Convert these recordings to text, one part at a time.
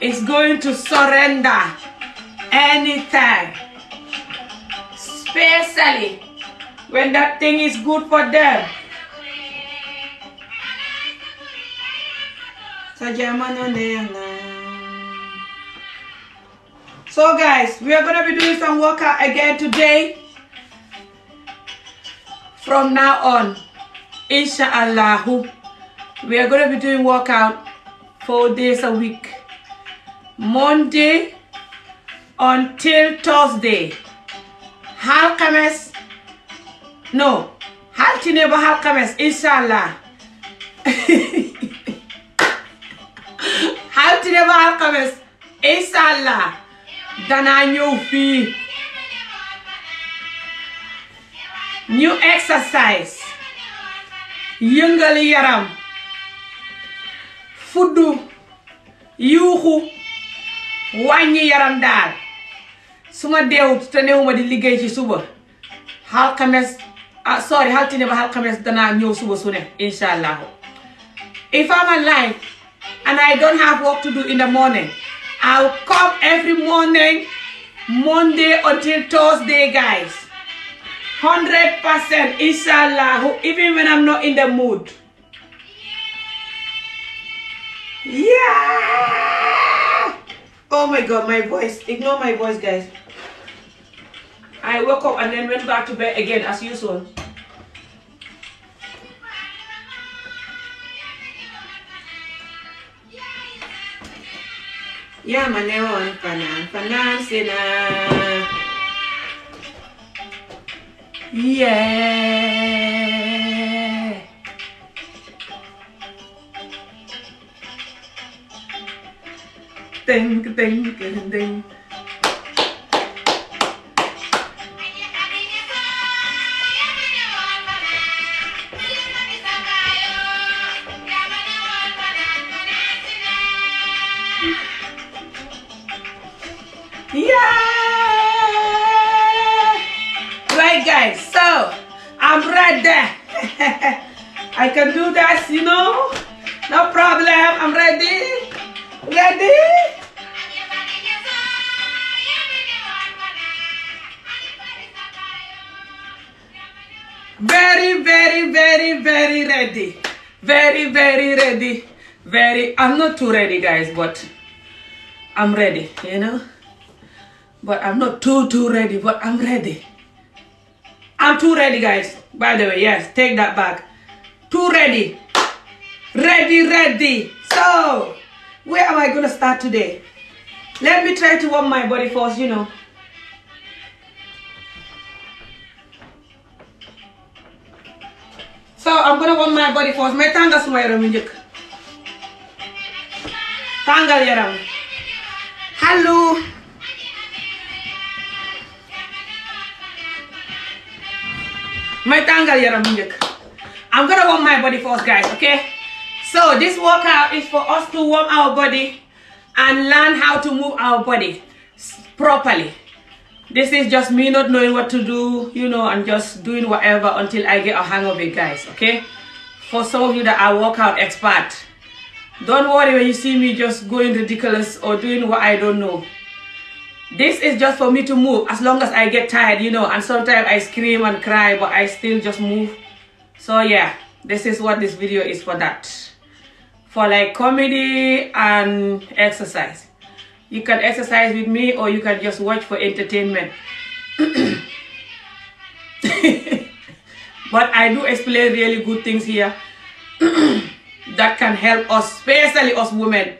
is going to surrender anytime. Especially when that thing is good for them. So guys, we are going to be doing some workout again today. From now on, inshallah, we are going to be doing workout four days a week. Monday until Thursday alxames non altine ba alxames incha allah altine ba alxames incha allah danaa ñëw fii ñu exercise yëngal yaram fuddu yuuxu wàññi yaram daal su ma deewut te newuma di liggéey ci suba alxames ah sorry altine ba alxames danaa ñëw suba su ne incha allahu if I'm alive and I don't have work to do in the morning I'll come every morning Monday until Thursday guys hundred allahu even when I'm not in the mood Oh my god, my voice. Ignore my voice, guys. I woke up and then went back to bed again as usual. Yeah, my name on Fanan. Fanan Yeah. Denk, denken, denk. Yeah! Right guys, so I'm right there. I can do that, you know? No problem, I'm ready. Ready? very very very very ready very very ready very I'm not too ready guys but I'm ready you know but I'm not too too ready but I'm ready I'm too ready guys by the way yes take that back too ready ready ready so where am I gonna start today let me try to warm my body first you know So I'm gonna warm my body first may tàngal suma yaram yu njëkk tàngal yaram allo. may I'm gonna warm my body first guys okay so this workout is for us to warm our body and learn how to move our body properly. this is just me not knowing what to do, you know, and just doing whatever until I get a hang guys, okay? For some you that are workout expert, don't worry when you see me just going ridiculous or doing what I don't know. This is just for me to move as long as I get tired, you know, and sometimes I scream and cry, but I still just move. So yeah, this is what this video is for that. comedy and exercise. you can exercise with me or you can just watch for entertainment but I do explain really good things here that can help us especially us women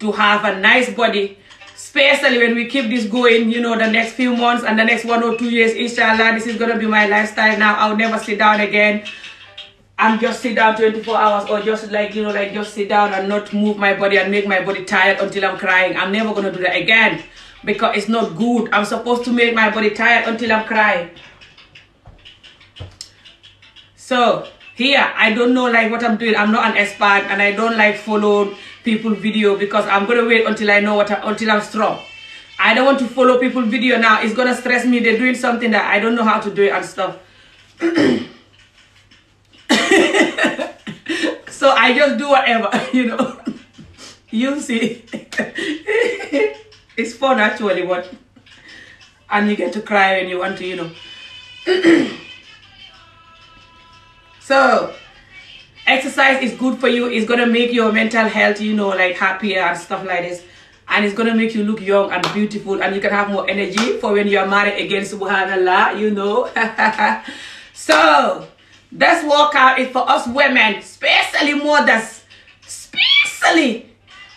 to have a nice body especially when we keep this going the next few months and the next one or two years inshallah this is gonna be my lifestyle now I'll never sit down again and just sit down 24 hours or just like, you know, like just sit down and not move my body and make my body tired until I'm crying. I'm never going to do that again because it's not good. I'm supposed to make my body tired until I'm crying. So here, I don't know like what I'm doing. I'm not an expert and I don't like follow people video because I'm going to wait until I know what, I, don't want to follow people video now. It's going to stress so I just do whatever, you know. you see. it's fun actually, but you get to cry when you want to, exercise is good for you. It's gonna make your mental health, you know, like happier and stuff like this. And it's gonna make you look young and beautiful and you can have more energy for when you are married again, subhanallah, you know. so This workout is for us women, especially mothers, especially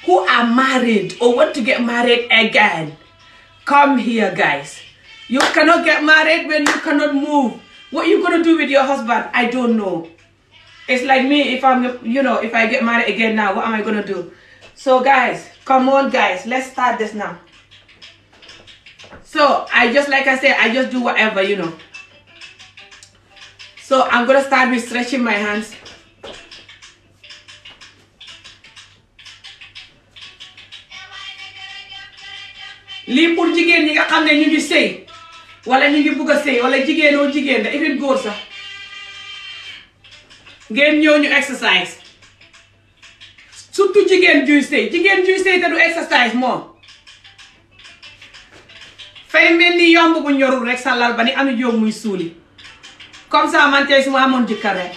who are married or want to get married again. Come here, guys. You cannot get married when you cannot move. What you gonna do with your husband? I don't know. It's like me if I'm, you know, if I get married again now, what am I gonna do? So guys, come on guys, let's start this now. So I just, like I said, I just do whatever, you know. So I'm going to start with stretching my hands. lii pour jigéen ñi nga xam ne ñu ngi sëy wala ñu ngi bugg a sëy wala jigéenoo jigéen da even góor sax ngeen ñëw ñu exercise surtout jigéen juy sëy jigéen juy sëy te du exercise moom fay mel ni yomb bu ñorul rek sa lal ba ni am jóom muy suuli comme ça man tey su ma amoon jëkkër rek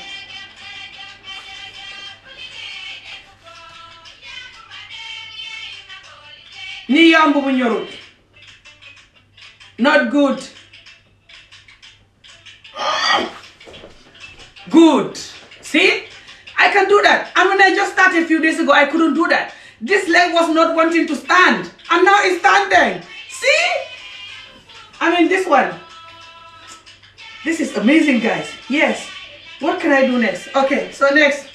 ni yomb bu ñorut not good good see I can do that and when just started a few days ago I couldn't do that this leg was not wanting to stand and now it's standing see I mean this one This is amazing, guys. Yes. What can I do next? Okay, so next,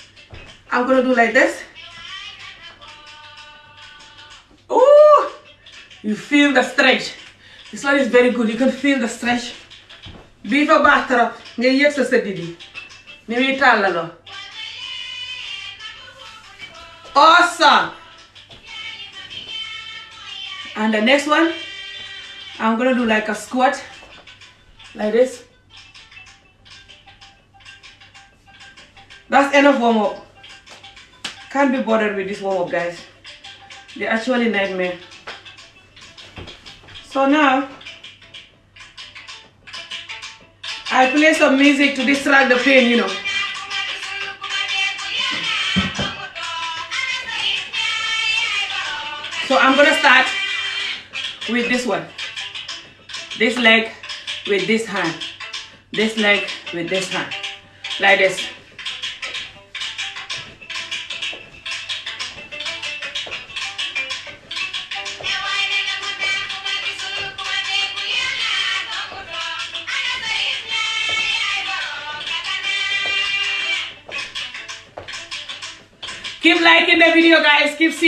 I'm gonna do like this. Oh, you feel the stretch. This one is very good. You can feel the stretch. bii fa baax trop ngay yëg sa sëddi bi ni muy tàllaloo awesome and the next one I'm gonna do like a squat like this That's enough warm up. Can't be bothered with this warm up, guys. They're actually nightmare. So now, I play some music to distract the pain, So I'm gonna start with this one. This leg with this hand. This leg with this hand. Like this.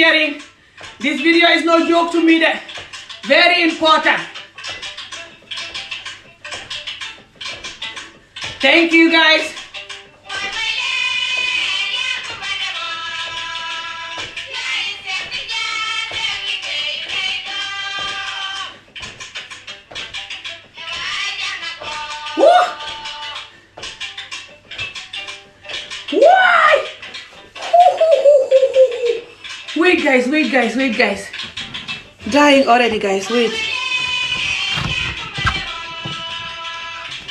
sharing. This video is no joke to me there. Very important. Thank you guys. guys, wait, guys. Dying already, guys, wait.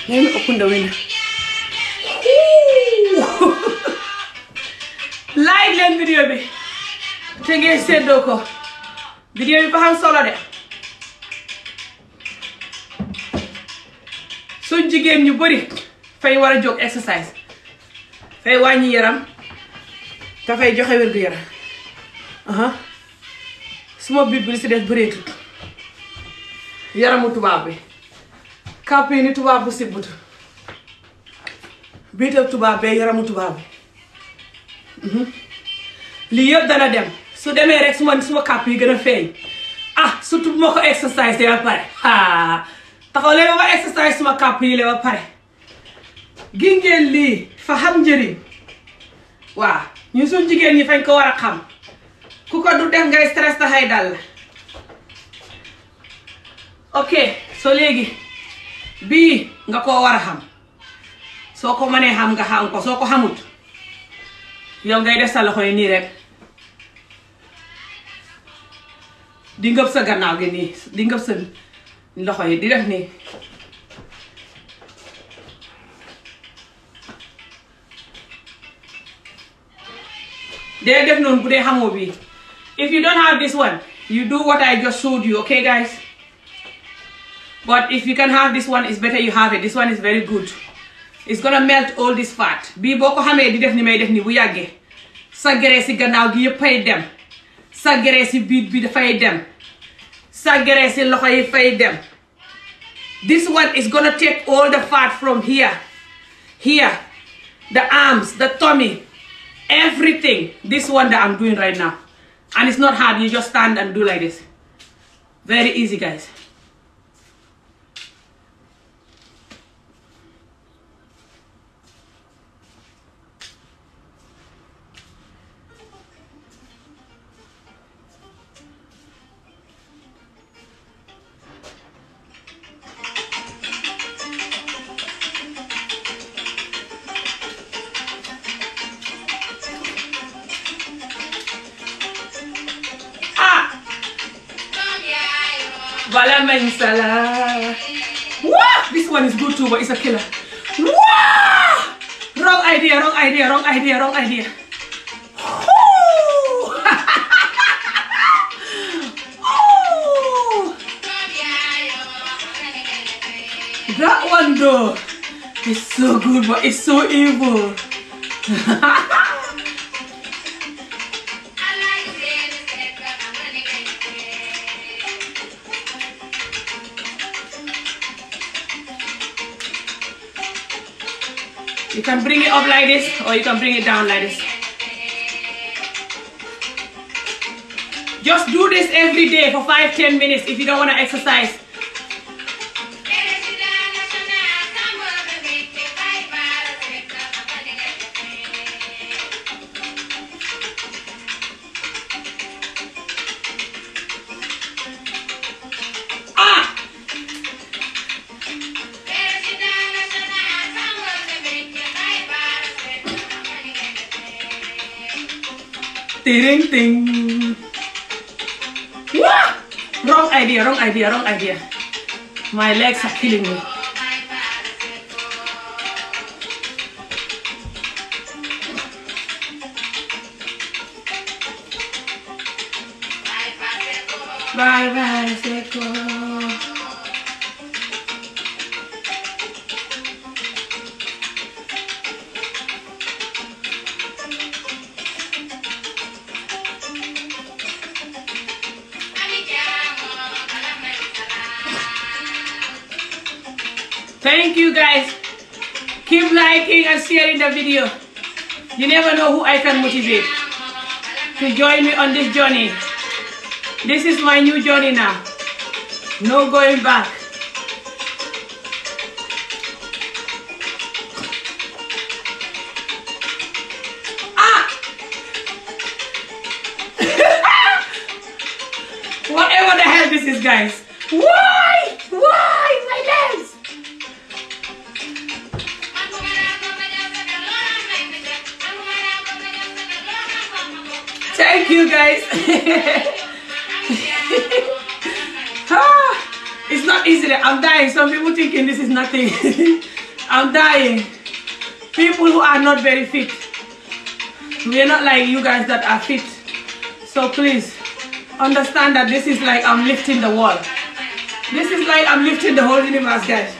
Let me open bi te ngeen seddoo ko vidéo bi ba xam solo de suñ jigéen ñu bëri fay war a jóg exercise fay wàññi yaram dafay joxe wér gu yaram suma biir bi li si def bëreetul yaramu tubaab bi kàpp yi ni tubaab bu sibbut biital tubaab bee yaramu tubaab bi mhm. lii yëpp dana dem su demee rek suma suma kàpp yi gën a feeñ ah surtout bu ma ko exercise ba pare ah taxaw leen ba exercise suma kàpp yi le ba pare gingeen lii fa xam njëriñ waaw ñun suñ jigéen ñi fañ ko war a xam ku ko du def ngay stress taxay dal ok soo léegi bii nga koo war a xam soo ko manee xam nga xam ko soo ko xamut yow ngay def sa loxo yi nii rek di ngëb sa gannaaw gi nii di ngëb sa loxo yi di def nii dee def noonu bu dee xamoo bii If you don't have this one, you do what I just showed you, okay guys? But if you can have this one, it's better you have it. This one is very good. It's gonna melt all this fat. bii boo ko xamee di def ni may def ni bu yàggee sa graisse si gannaaw gi yëpp fay dem sa graisse si biir bi dafay dem sa graisse si loxo yi This one is gonna take all the fat from here here the arms the tummy everything this one that I'm doing right now. and it's not hard you just stand and do like this very easy guys Balama Salah. Wah! This one is good too, but it's a killer. Wah! Wrong idea, wrong idea, wrong idea, wrong idea. That one though, it's so good but it's so evil. can bring it up like this or you can bring it down like this. Just do this every day for 5-10 minutes if you don't want to exercise. ting wrong idea wrong idea wrong idea my legs sax killing me and sharing the video. You never know who I can motivate to join me on this journey. This is my new journey now. No going back. fit. We're not like you guys that are fit. So please understand that this is like I'm lifting the wall. This is like I'm lifting the whole universe, guys.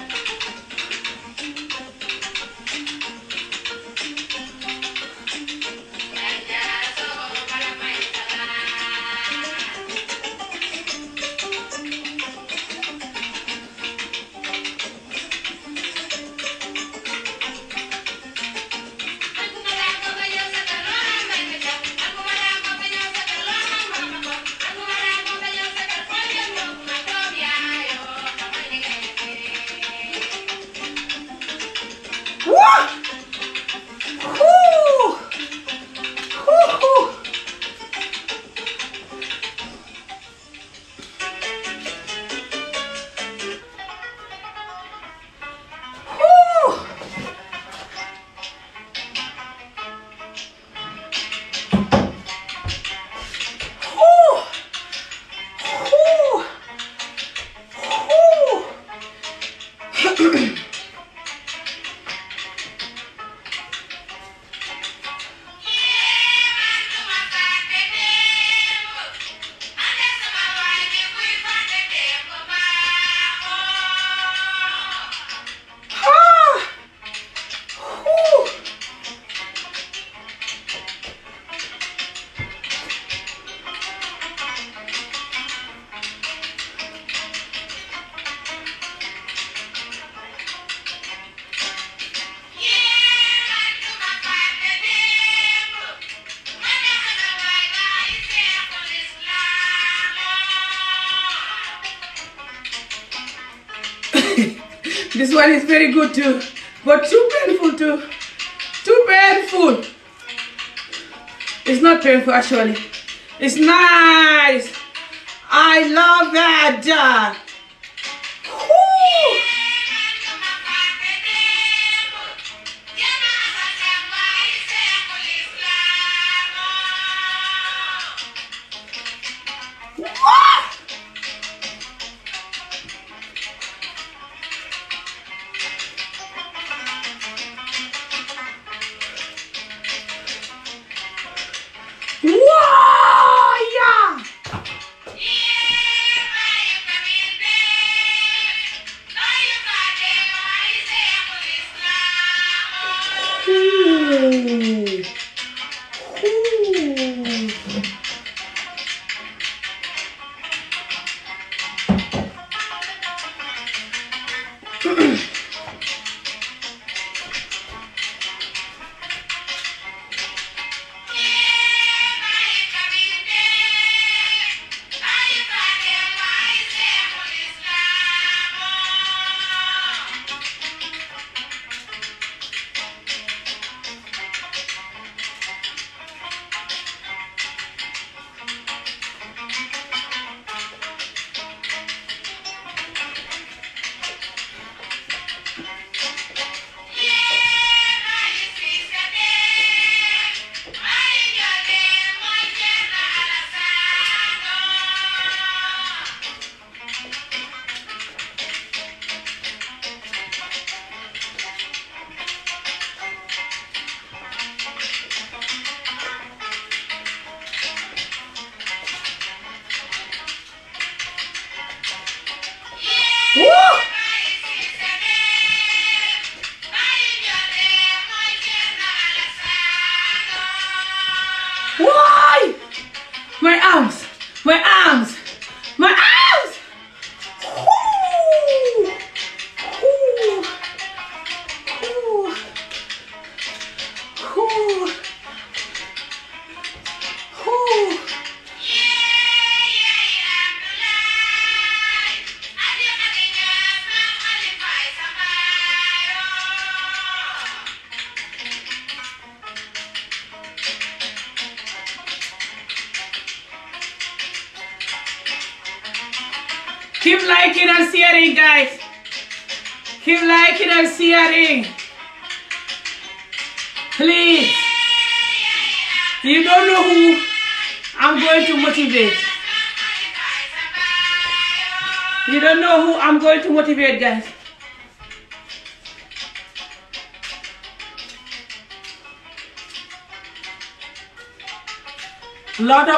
one is very good too, but too painful too. Too painful. It's not painful actually. It's nice. I love that.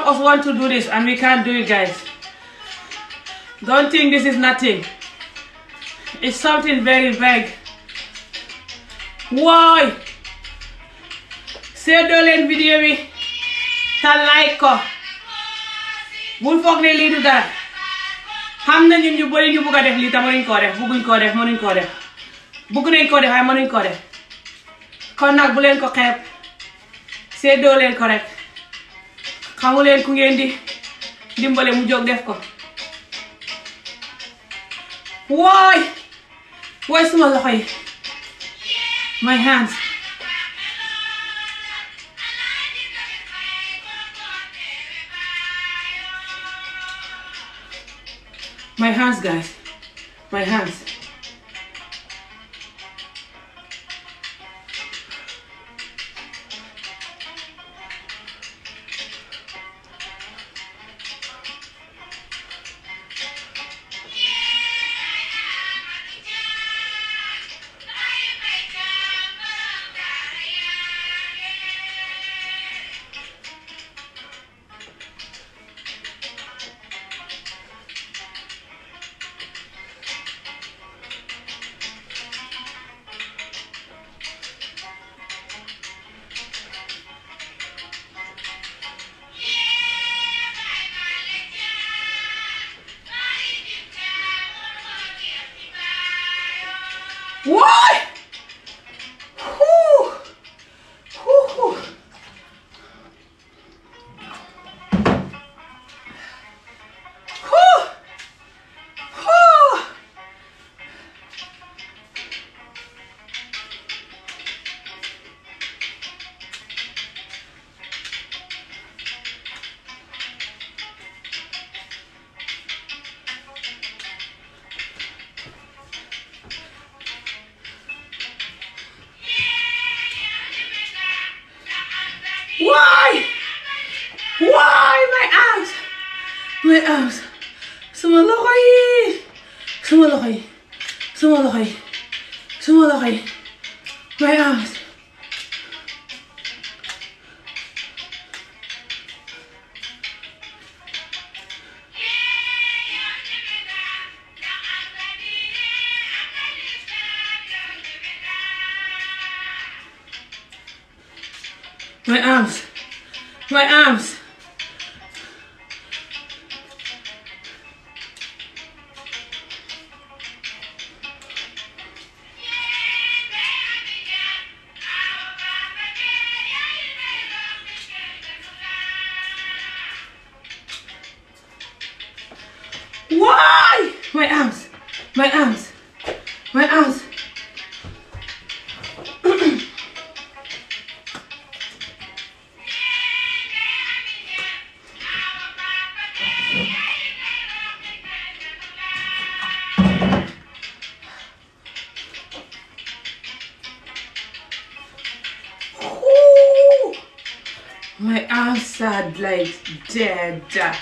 lot of want to do this and we can't do it guys don't think this is nothing it's something very big wooy seddoo leen vidéo bi te like ko bul foog ne lii du dara xam na ñun ñu bëri ñu bugg a def lii te mënuñ koo def bugguñ koo def mënuñ koo def bugg nañ koo def ko mënuñ koo nag bu leen ko xeeb seddoo leen ko rek xamu leen ku ngeen di dimbale mu jóg def ko wooy wooy suma loxo yi my hands my hands guys my hands dead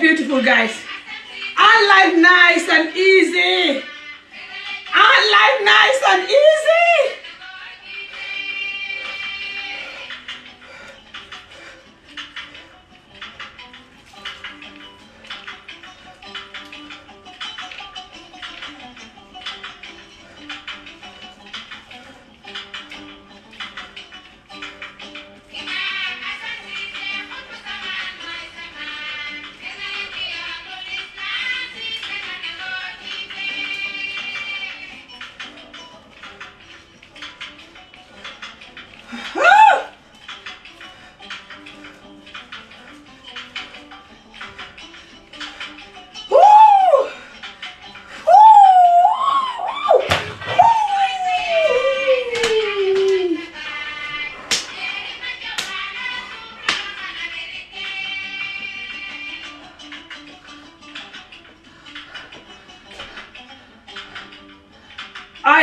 beautiful guys I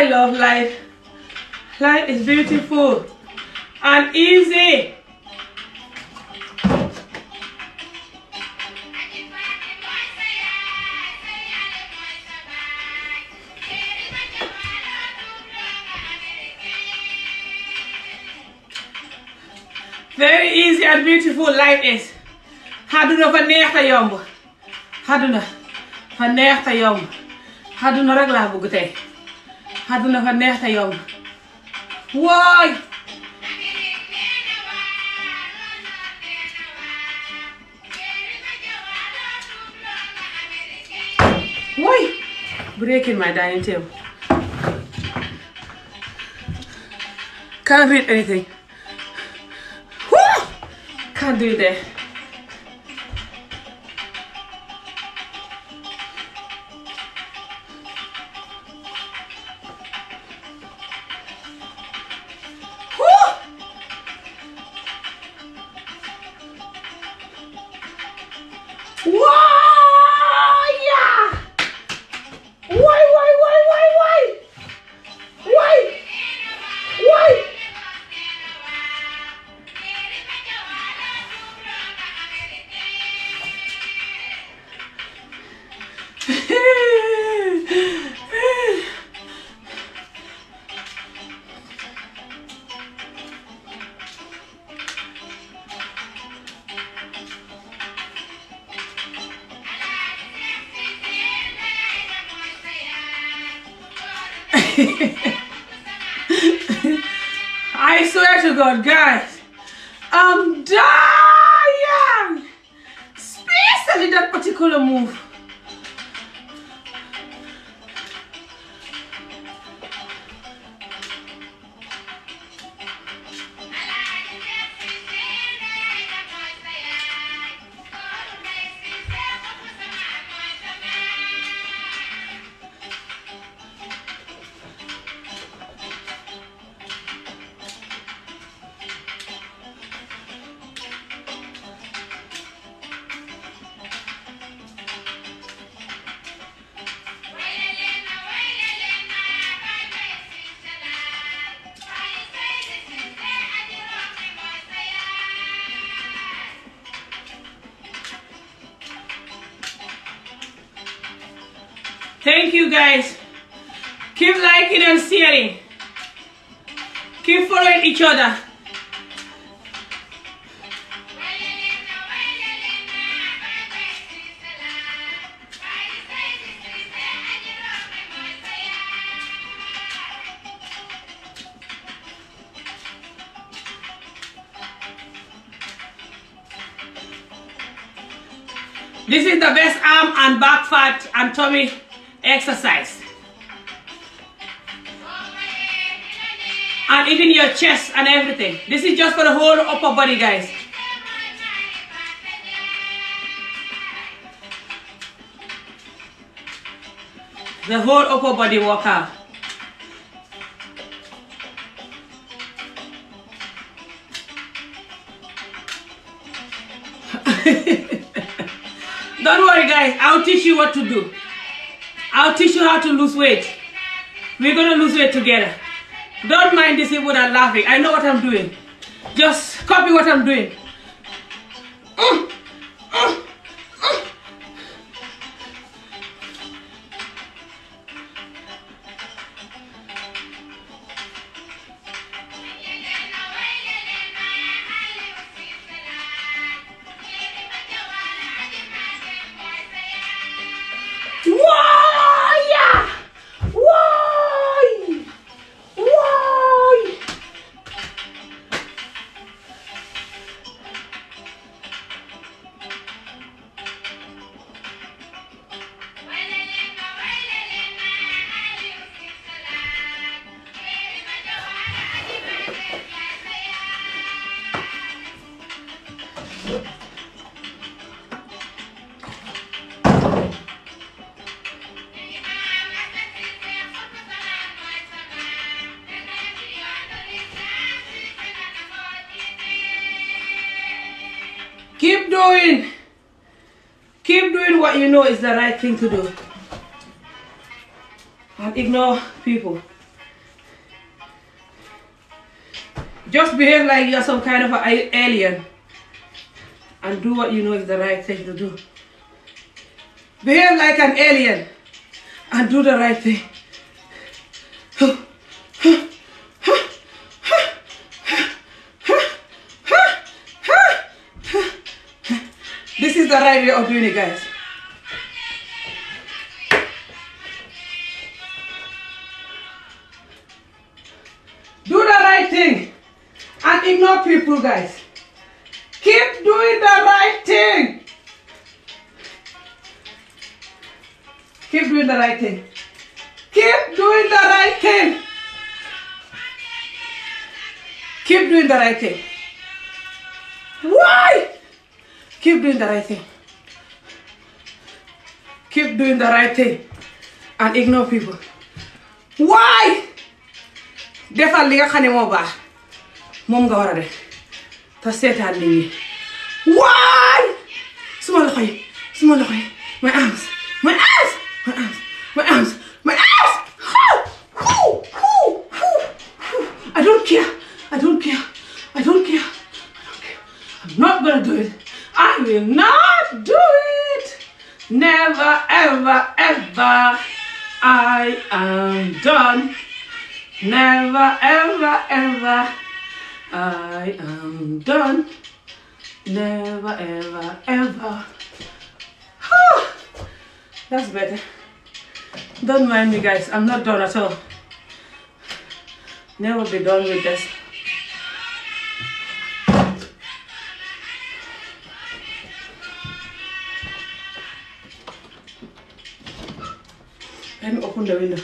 love life. Life is beautiful. and easy. very and beautiful life is xaduna fa neex yomb xaduna fa neex te yomb xaduna rek laa tey xaduna fa neex yomb wooy breaking my dining table. Can't read anything. Woo! Can't do that. Thank you guys. Keep liking and sharing. Keep following each other. This is the best arm and back fat and tummy exercise. And even your chest and everything. This is just for the whole upper body, guys. The Don't worry guys, I'll teach you what to do. I'll teach you how to lose weight. We're going to lose weight together. Don't mind these people that are laughing. I know what I'm doing. Just copy what I'm doing. is the right thing to do. And ignore people. Just behave like you're some kind of an alien. And do what you know is the right thing to do. Behave like alien. And do the right thing. This is the right way of doing it, guys. Don't ignore people, guys. Keep doing the right Keep doing the right Keep doing the right Why? Keep doing the right Keep doing the right and ignore people. Why? defal li nga xam ne moom nga war a def te seetaan nit ñi waay suma loxo yi suma loxo yi my arms my arms my arms my arms my arms I don't care I don't care I don't care I'm not gonna do it I will not do it never ever ever I am done never ever ever I am done. Never, ever, ever. Whew. That's better. Don't mind me, guys. I'm not done at all. Never be done with this. Let open the window.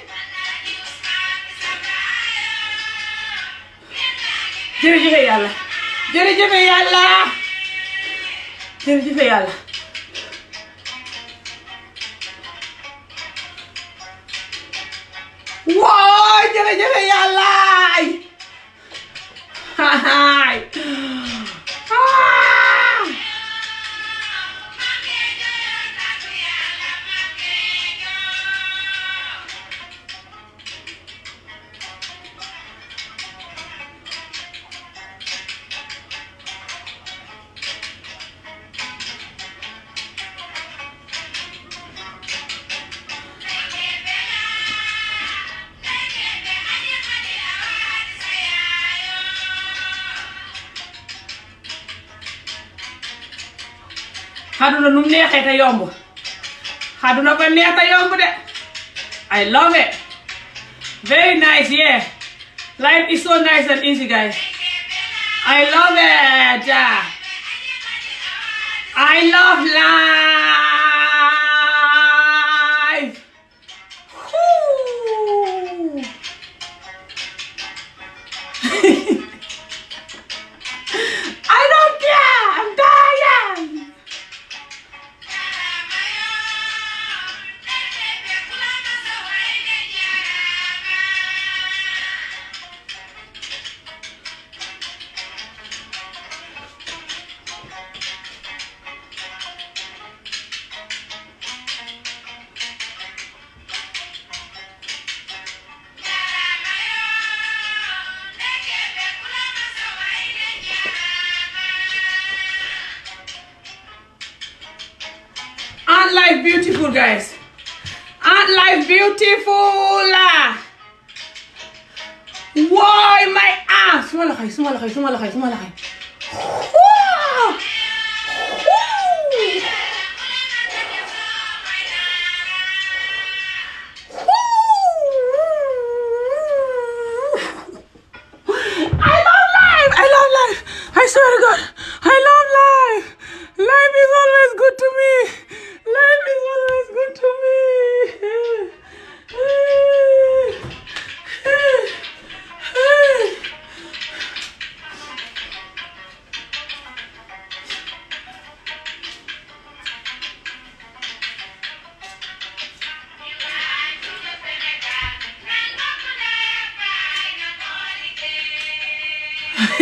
jërëjëfe yàlla jërëjëfe yàlla jërëjëfe yàlla àdduna nu mu neexee te yomb àdduna ko neex te de I love it very nice yeah life is so nice and easy guys I love it I love life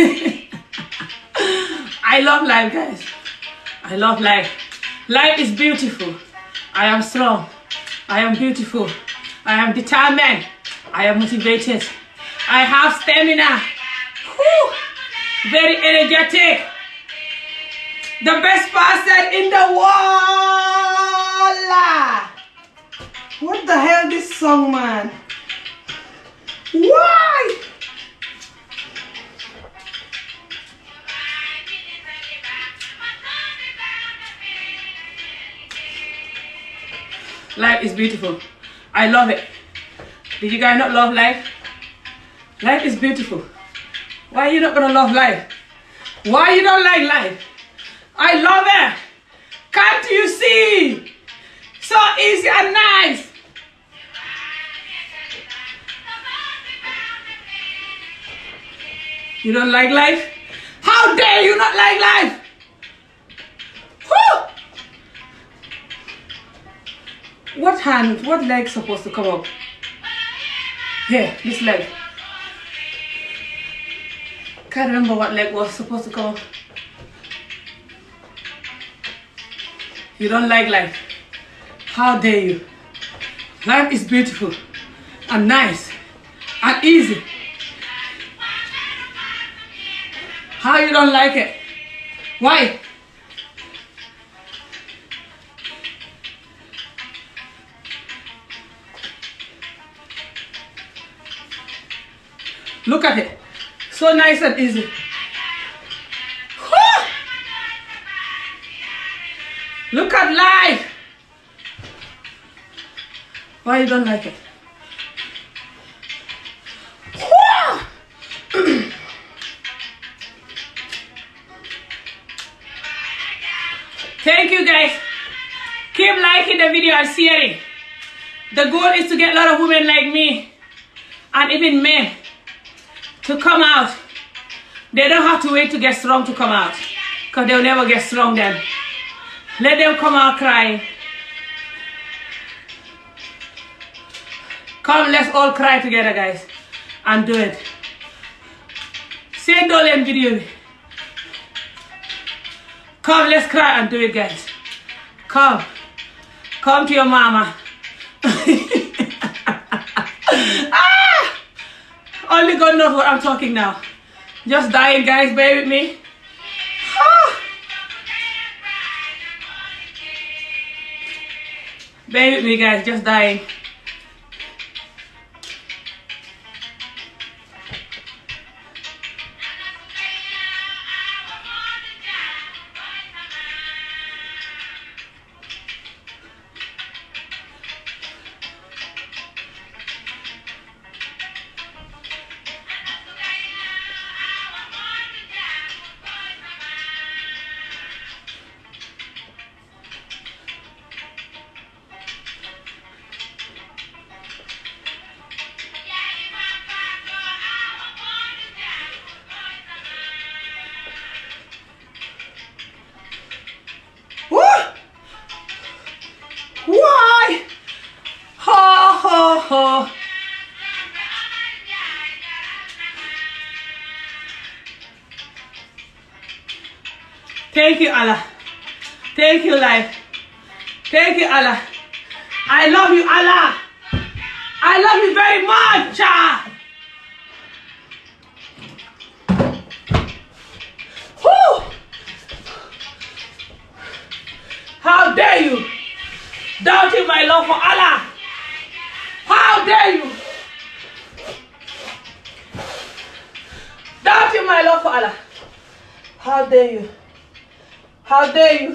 I love life, guys. I love life. Life is beautiful. I am strong. I am beautiful. I am determined. I am motivated. I have stamina. Very energetic. The best person in the world. What the hell song, man? Life is beautiful. I love it. Did you guys not love life? Life is beautiful. Why you not love life? Why you don't like life? I love it. Can't you see? So easy and nice. You don't like life? How dare you not like life? What hand, what leg to come up? Here, this leg. Can't remember what leg was supposed to come up. You don't like life. How dare you? Life is beautiful and nice and easy. How you don't like it? Look at it. So nice and easy. Whew! Look at life. Why you don't like it? Thank you guys. Keep liking the video and sharing. The goal is to get lot of women like me and even men to come out. They don't have to wait to get strong to come out because they'll never get strong then. Let them come out crying. Come, let's all cry together, guys, and do it. Say Dolan video. Come, let's cry and do it, guys. Come. Come to your mama. Ah! Only God knows what I'm talking now. Just dying, guys. Bear with me. Ah. Bear with me, guys. Just dying. Thank you, Allah. Thank you, I love you, Allah. I love you very much. Ah. How dare you doubting my love for Allah? How dare you doubting my love for Allah? How dare you? How dare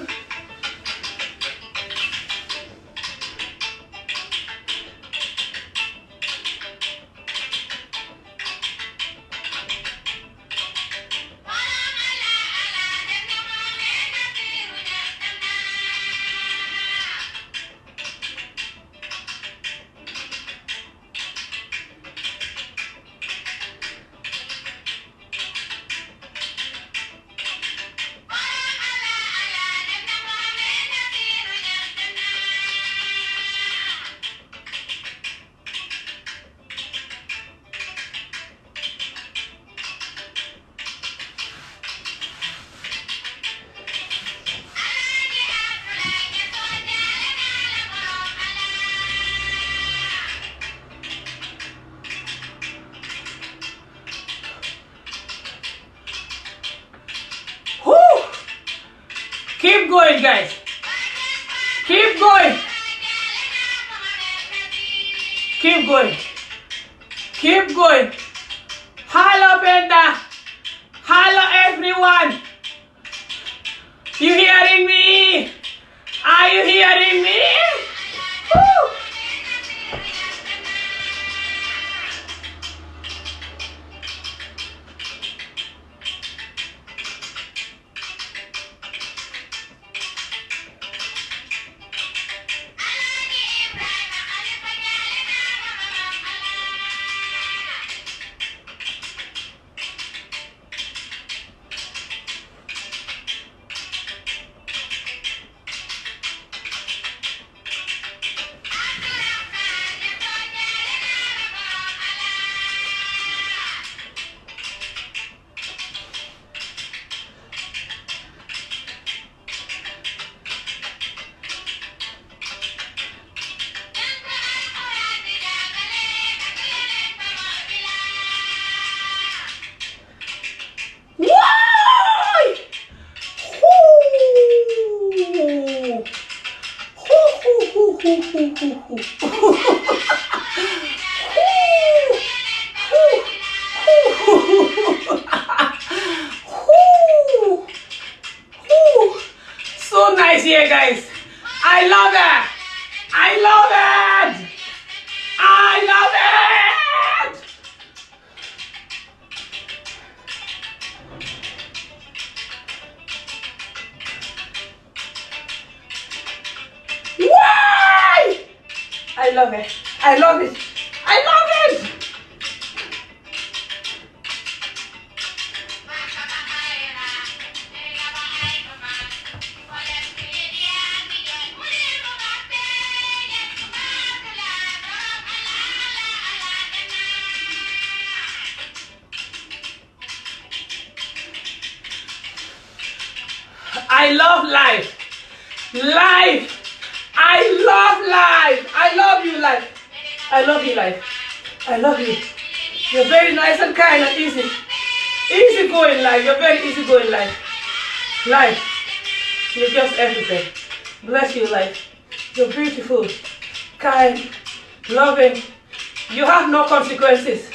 verses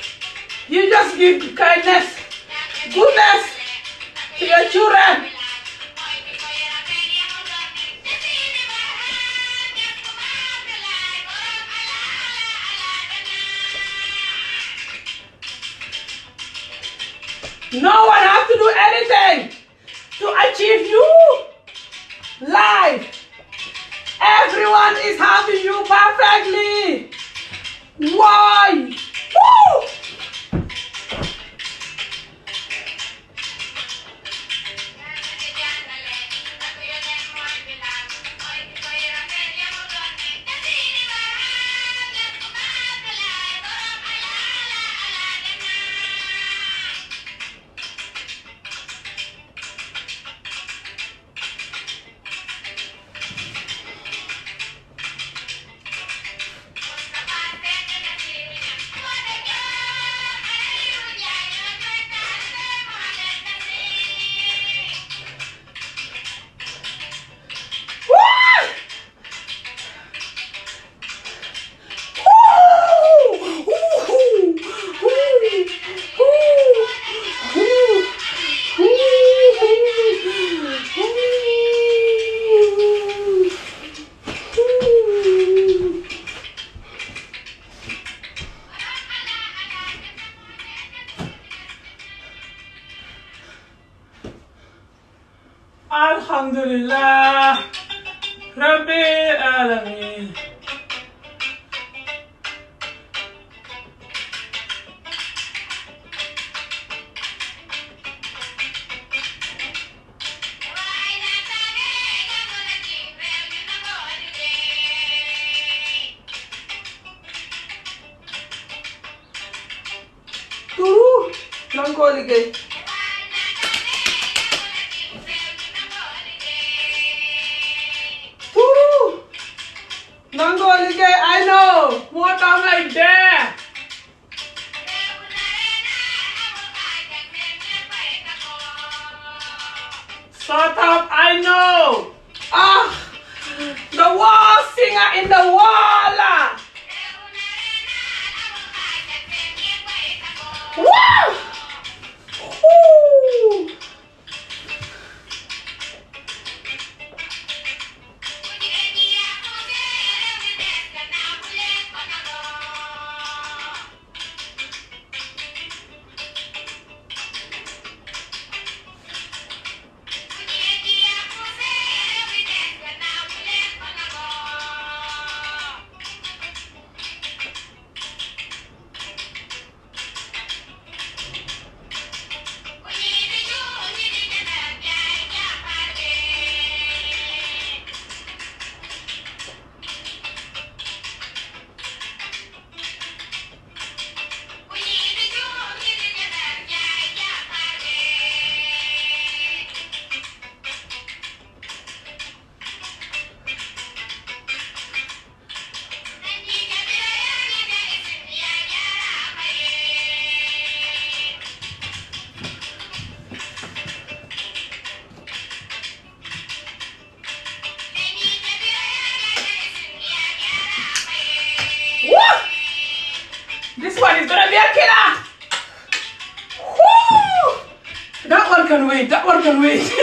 one can wait. That one can wait.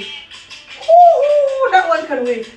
Ooh. Ooh, that one can wait.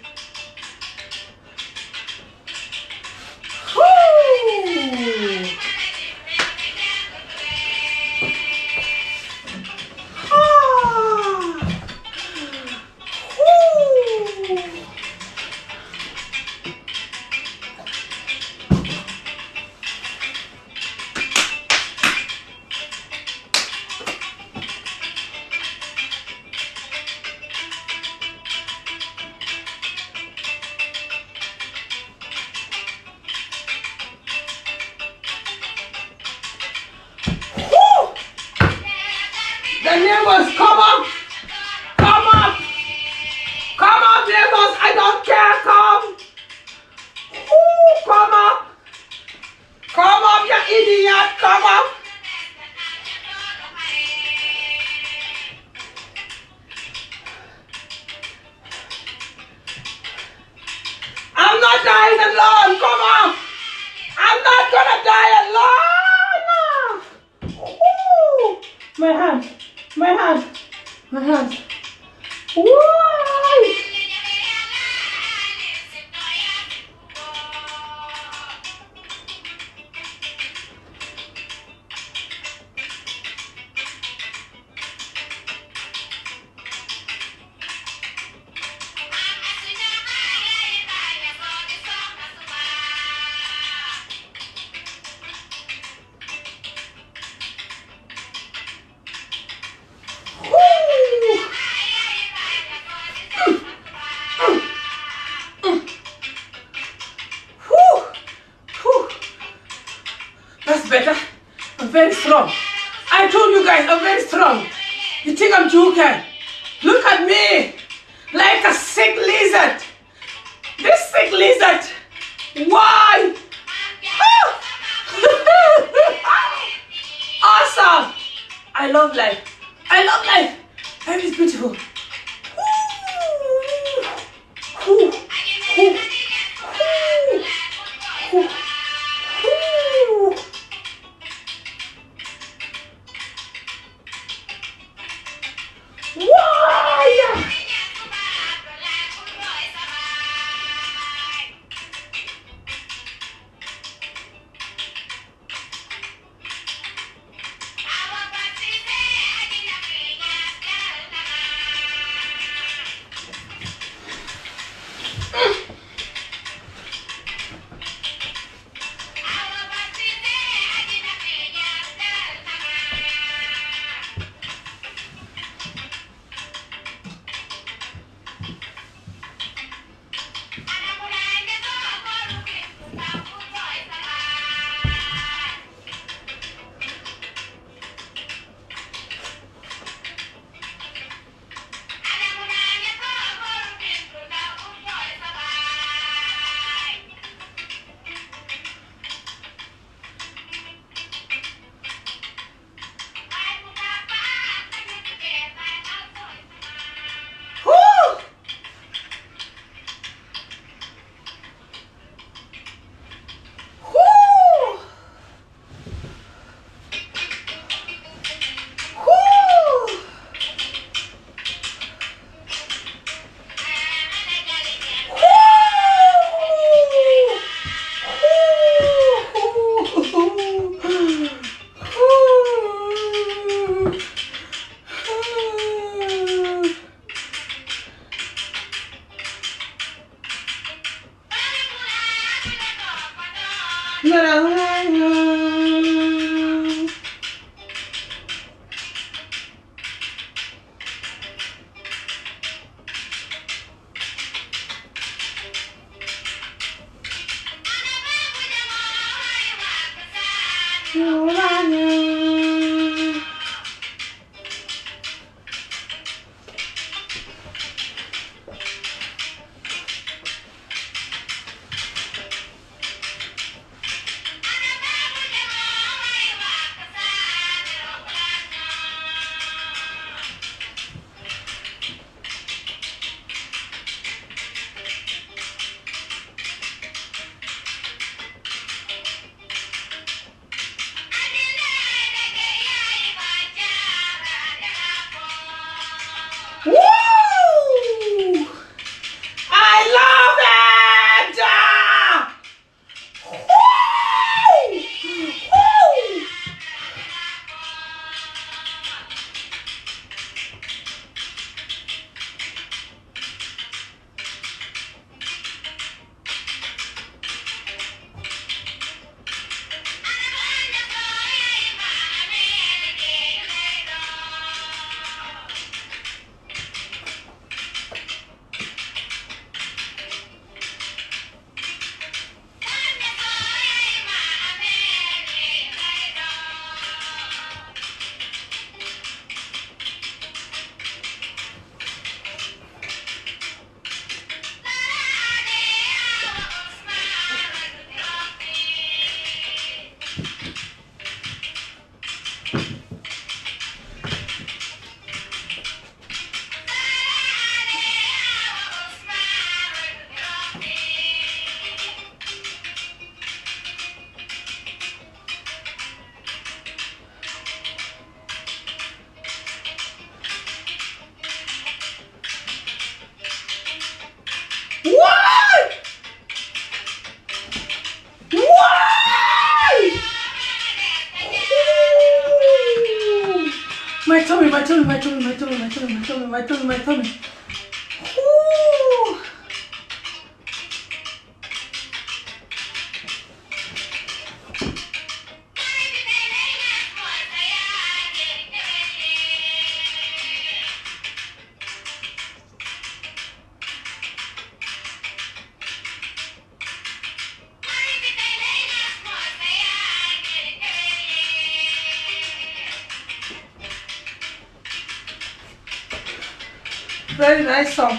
Olha só.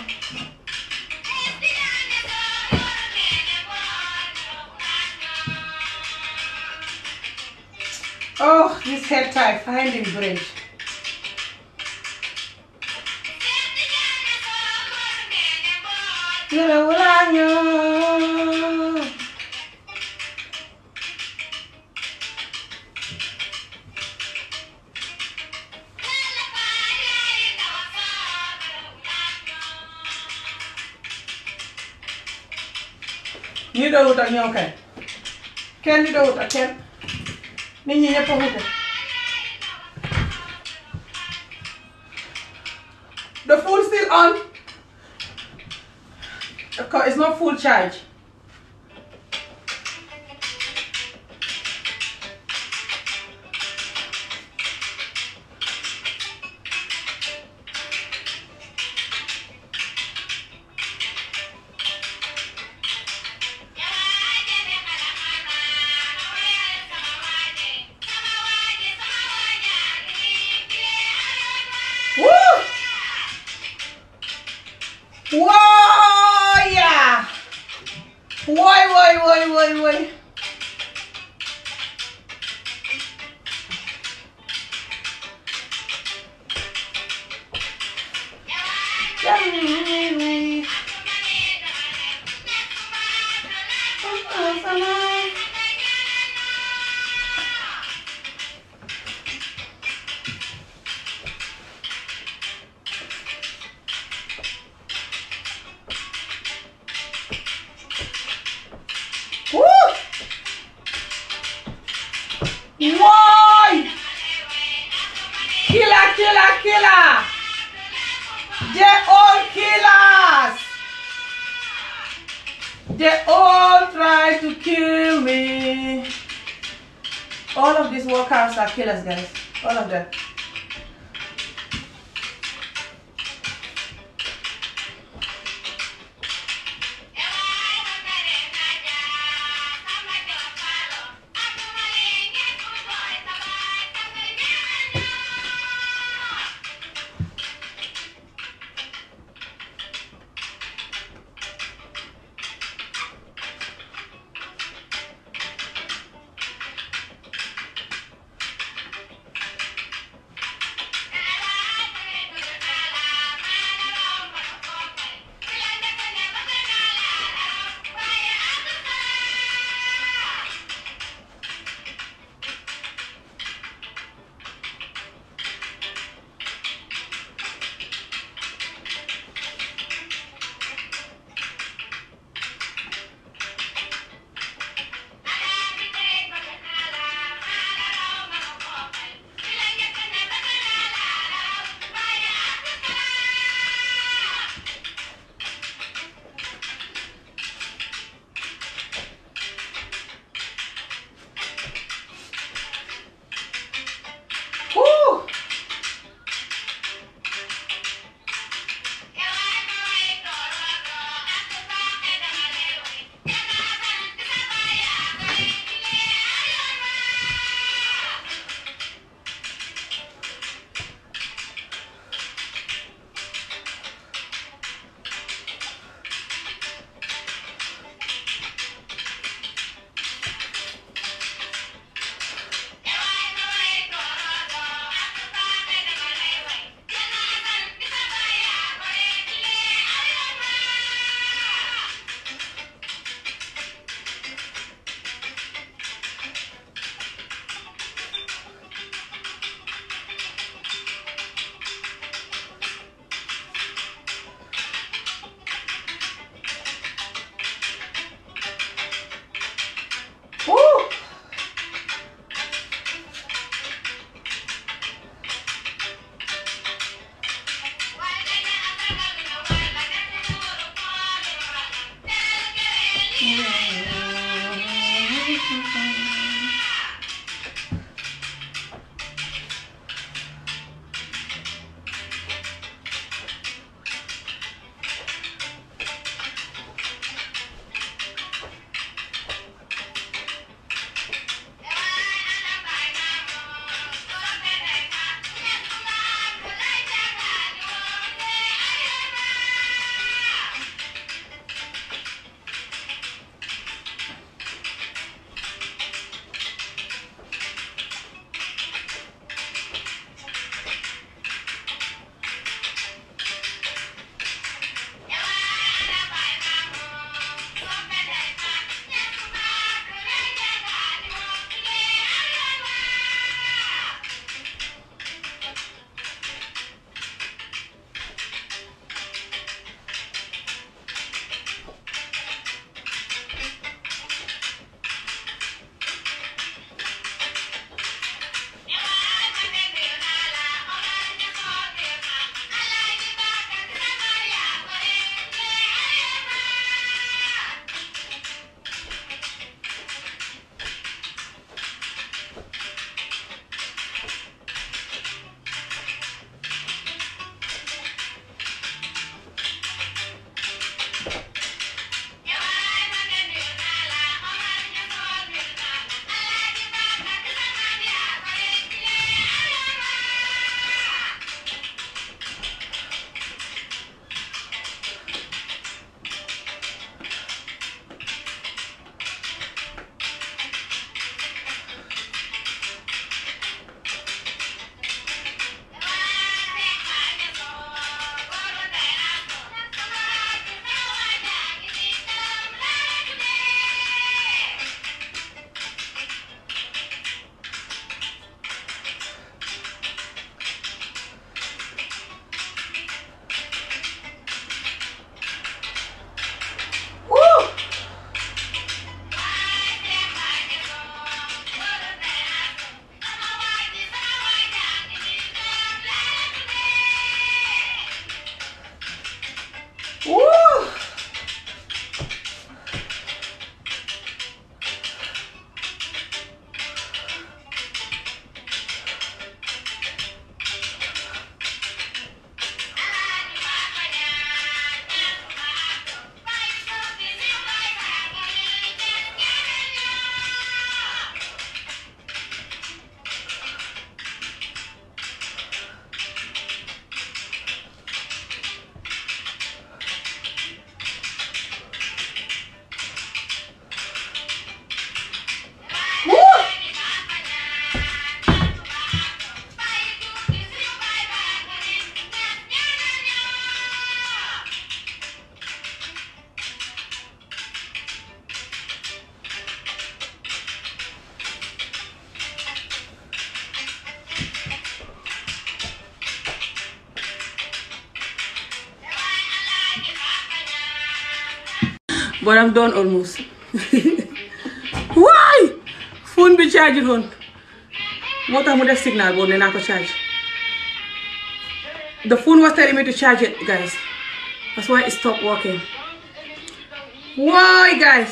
kenn di dowut ak kenn nit ñi ñëpp still on it's not full charge Why? Killer, killer, killer. They're all killers. They all try to kill me. All of these workers are killers, guys. All of them. but I'm phone bi charge loon moo tax mu def signal boobu ne naa ko charge the phone was telling me to charge it guys that's why it stopped working waay guys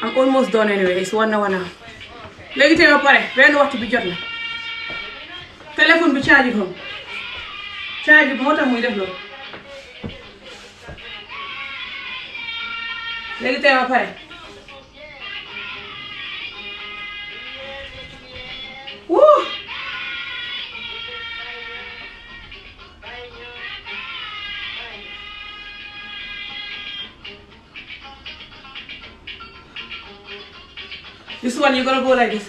I'm almost done anyway it's one hour now léegi tey ba pare benn waxtu bi jot na téléphone bi charge loon charge moo tax muy def loolu léegi tey yi pare wuu this one you gonna go like this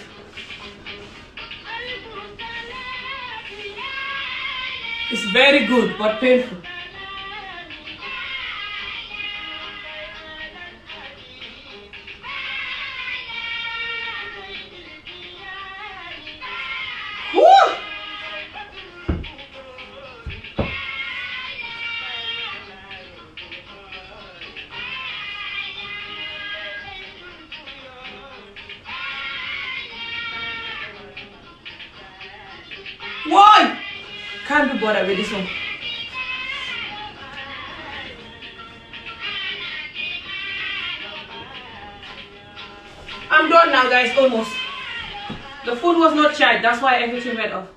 it's very good but painful why everything went off.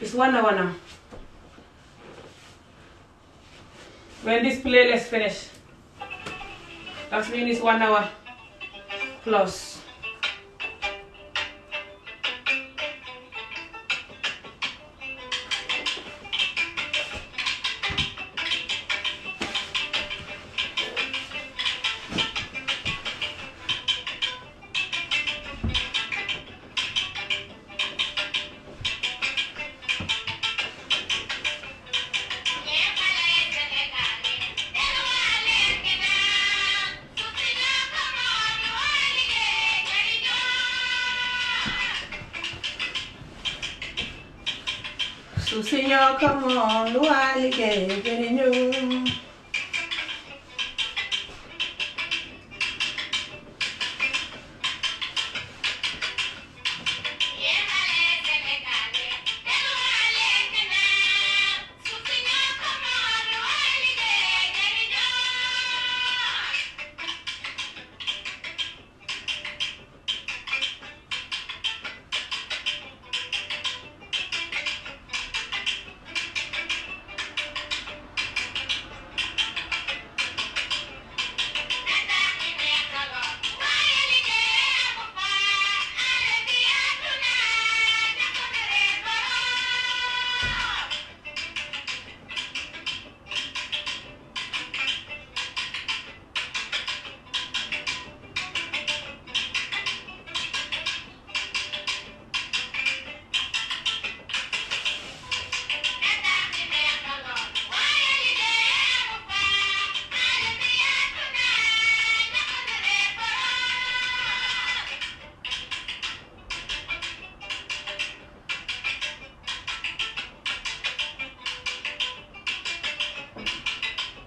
It's one hour now. When this playlist finish, that means it's one hour plus.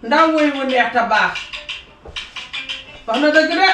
ndaw woy wu neex te baax wax na dëgg de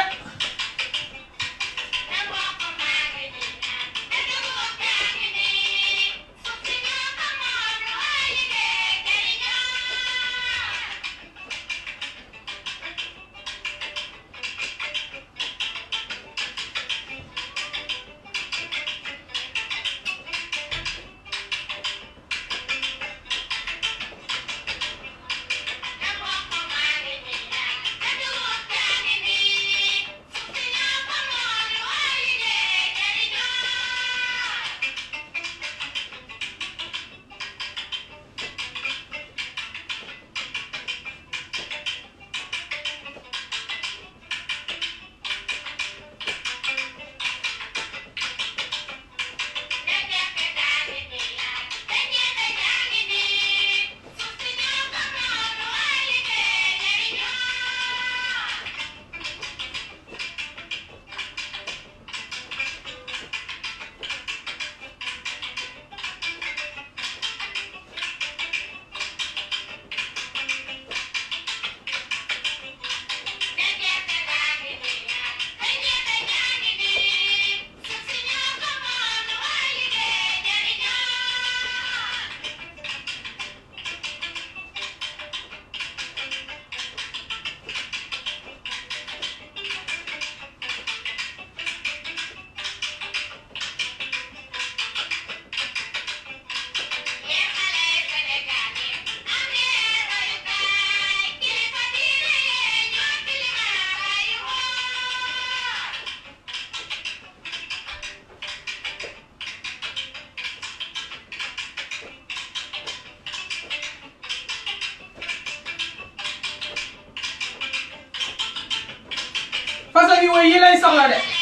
soxla de.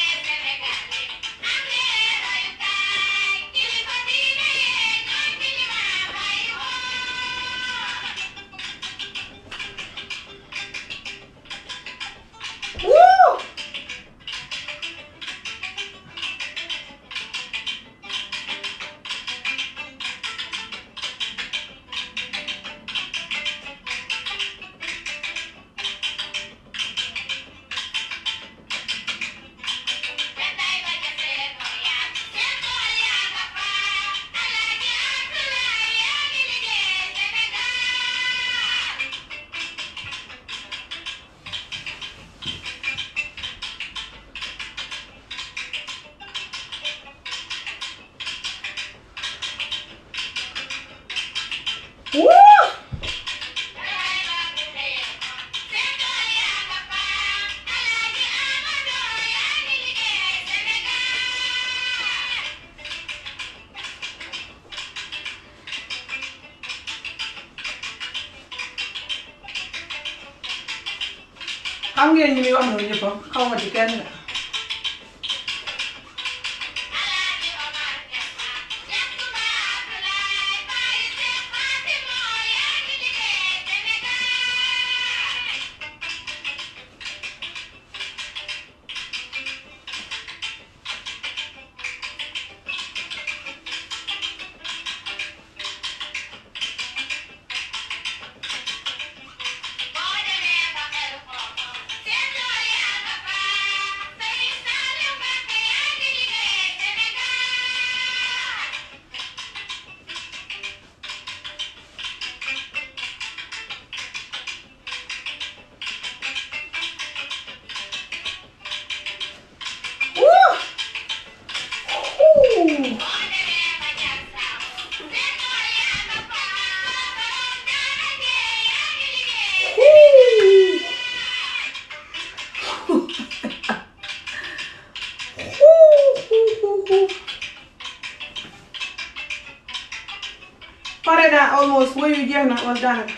daanaka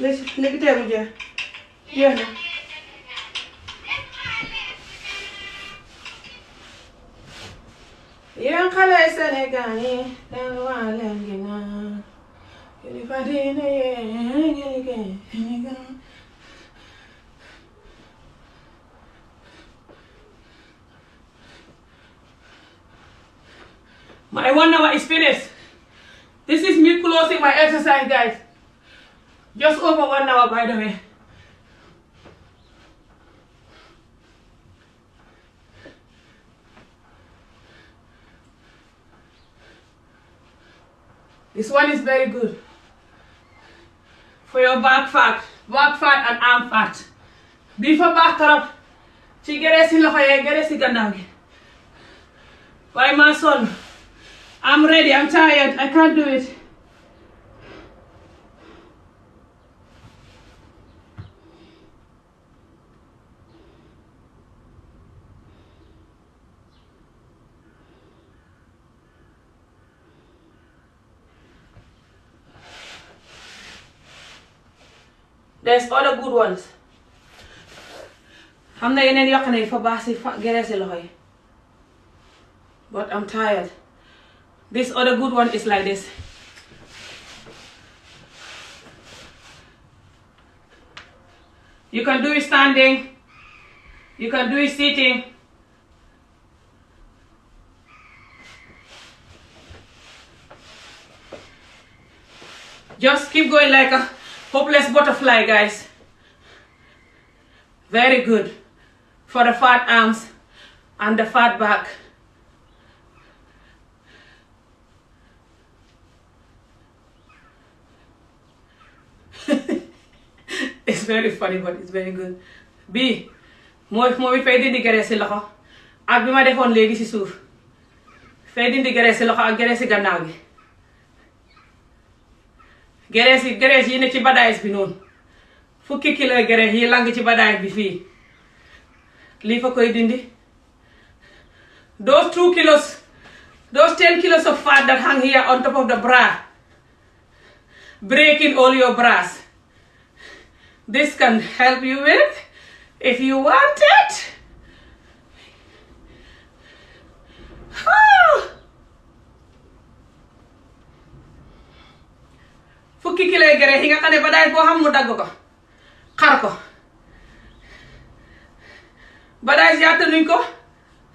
léegi léegi teeru jeex jeex na yéen xale Sénégal yi leen waa leen ginnaaw kilifa diine yéen ngi liggéey my one hour experience this is me closing my exercise guys Just over one hour, by the This one is very good for your back fat, back fat and arm fat. bii fa baax trop ci gëree si loxo yee gëree si gannaaw gi waaye maa sonn I'm ready I'm tired I can't do it. there's other good ones xam na yeneen yoo xam ne fa baax si fa gere loxo yi but I'm tired this other good one is like this you can do it standing you can do it sitting just keep going like a Hopeless butterfly, guys. Very good. For the fat arms and the fat back. it's very funny but it's very good bii mooy moom it fay dindi gere si loxo ak bi ma defoon léegi si suuf fay dindi gere si loxo ak gere si gannaaw gi graisse yi graisse yi ne ci badaayis bi noonu fukki kilo graisse yi lang ci badaayis bi fii lii fa koy dindi those two kilos those ten kilos of fat that hang here on top of the bra breaking all your bras this can help you with if you want it fukki kilo gere yi nga xam ne ba daay boo xam mu dagg ko xar ko ba daay yaatanuñ ko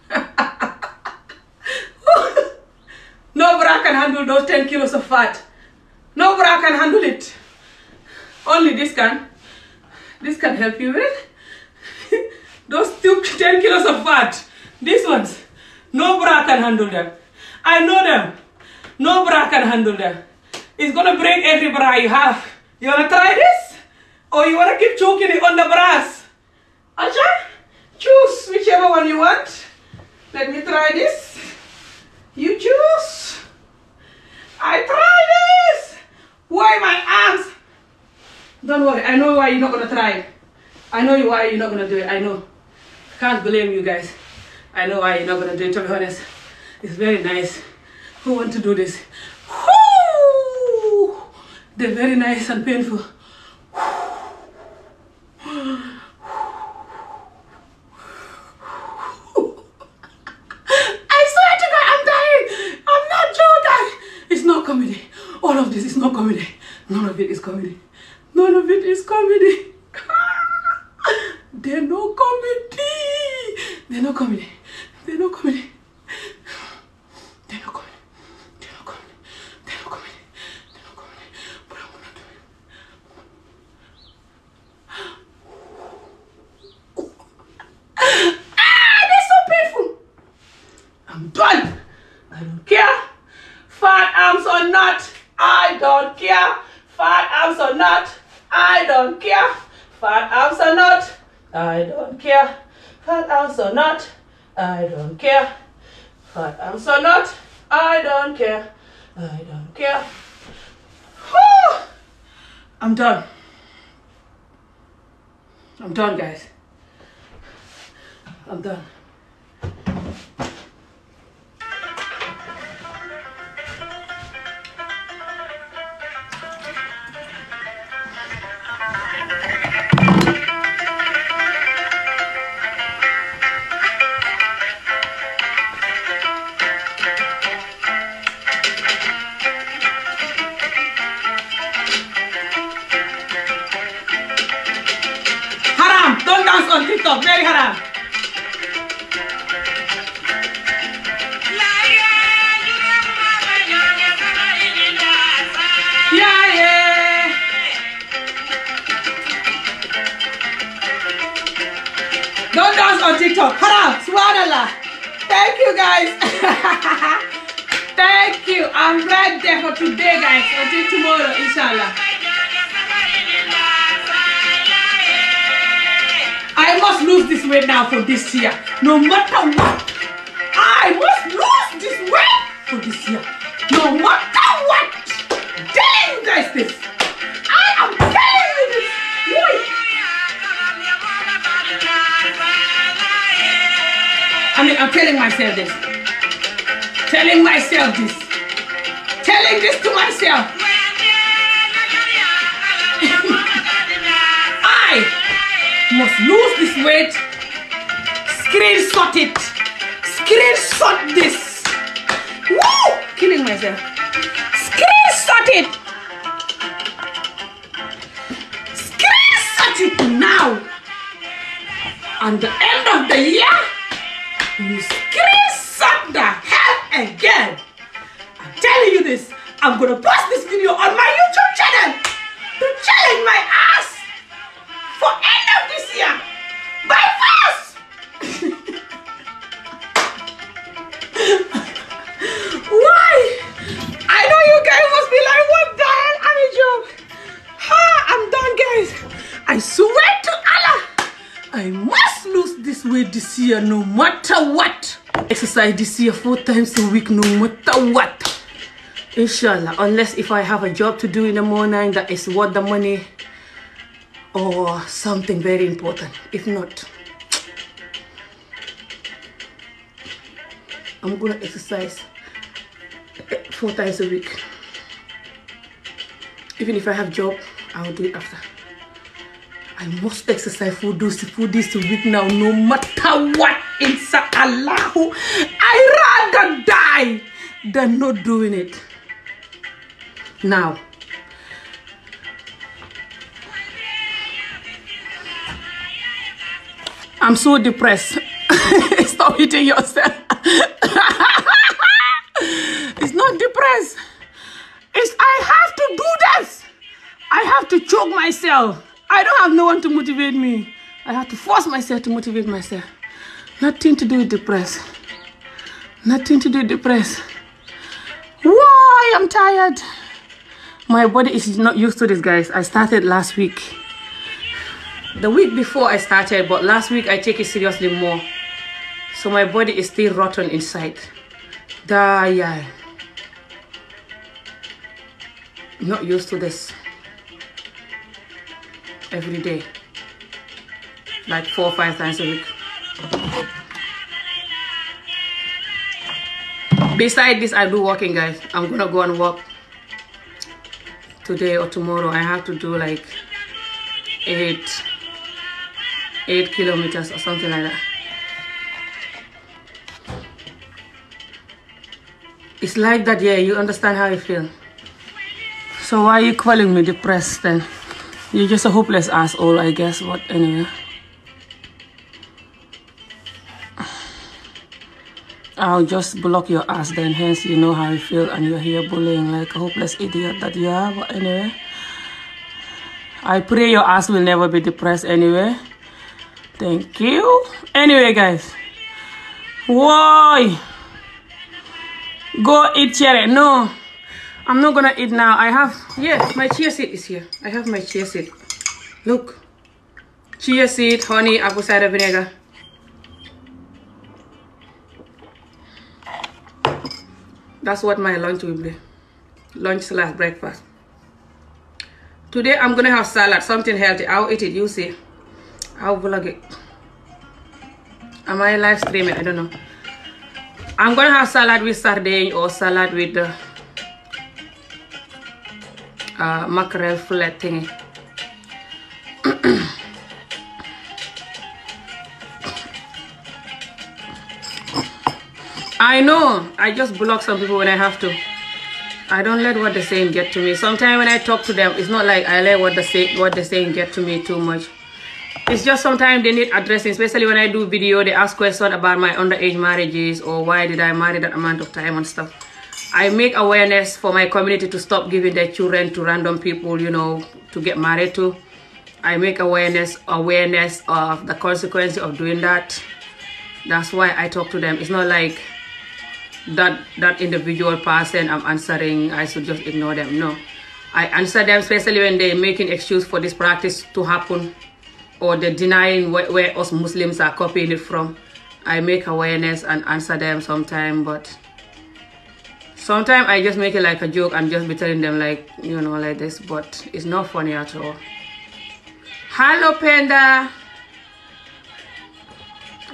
no bra can handle those ten kilos of fat no bra can handle it only this can this can help you with those two ten kilos of fat these ones no bra can handle them I know them no bra can handle them It's gonna break every bra you have. try this? Or you want. try this. You choose. I try this. Why my arms? Don't worry, I know why you're not gonna try it. I know why you're not gonna it, I know. Can't blame you guys. I know why you're not gonna it, to be honest. It's very nice. Who want to do this? they very nice and painful I swear to God I'm dying I'm not joking it's not comedy all of this is not comedy none of it is comedy none of it is comedy they're no comedy they're no comedy they're no comedy abs I don't care. Fat abs or not, I don't care. Fat abs or not, I don't care. Fat abs or not, I don't care. I don't care. Whew! I'm done. I'm done, guys. I'm done. must lose this weight screenshot it screenshot killing myself screenshot now and the end of the year you screenshot the hell again I'm telling you this I'm gonna post here no matter what. Exercise this year four times a week no matter what. Inshallah, unless if I have a job to do in the morning that is worth the money or something very important. If not, I'm gonna exercise four times a week. Even if I have job, I'll do it after. I must exercise for those for days a week now, no matter what. Insa Allahu, I rather die than not doing it. Now, I'm so depressed. Stop hitting yourself. it's not depressed. It's I have to do this. I have to choke myself. I don't have no one to motivate me. I had to force myself to motivate myself. Nothing to do with the press. Nothing to do with the press. Why I'm tired. My body is not used to this, guys. I started last week. The week before I started, but last week I take it seriously more. So my body is still rotten inside. Die. Not used to this. every day, like four five times a week. Beside this, I do walking, guys. I'm gonna go and walk today or tomorrow. I have to do like eight, eight kilometers or something like that. yeah, you understand how I feel. So why are you calling me depressed then? You're just a hopeless asshole, I guess, but anyway. I'll just block your ass then, hence you know how you feel and you're here bullying like a hopeless idiot that you are, but anyway. I pray your ass will never be depressed anyway. Thank you. Anyway, guys. Why? Go eat cherry. No. I'm not gonna eat now. I have, yeah, my chia seed is here. I have my chia seed. Look, chia seed, honey, apple cider That's what my lunch will be. Lunch slash breakfast. Today I'm gonna have salad, something healthy. I'll eat you see. I'll vlog it. Am I live streaming? I don't know. I'm gonna have salad with sardine or salad with uh, uh, mackerel fillet thingy I know I just block some people when I have to I don't let what they're saying get to me sometimes when I talk to them it's not like I let what they say what get to much it's just sometimes they need addressing especially when I do video they ask questions about my underage marriages or why did I marry that amount of time and stuff I make awareness for my community to stop giving their children to random people, you know, to get married to. I make awareness awareness of the consequence of doing that. That's why I talk to them. It's not like that that individual person I'm answering, I should just ignore them. No. I answer them, especially when they're making excuse for this practice to happen or they're denying where, where us Muslims are copying it from. I make awareness and answer them sometime, but sometimes I just make it like a joke and just be telling them like you know like this but it's not funny at all hello Penda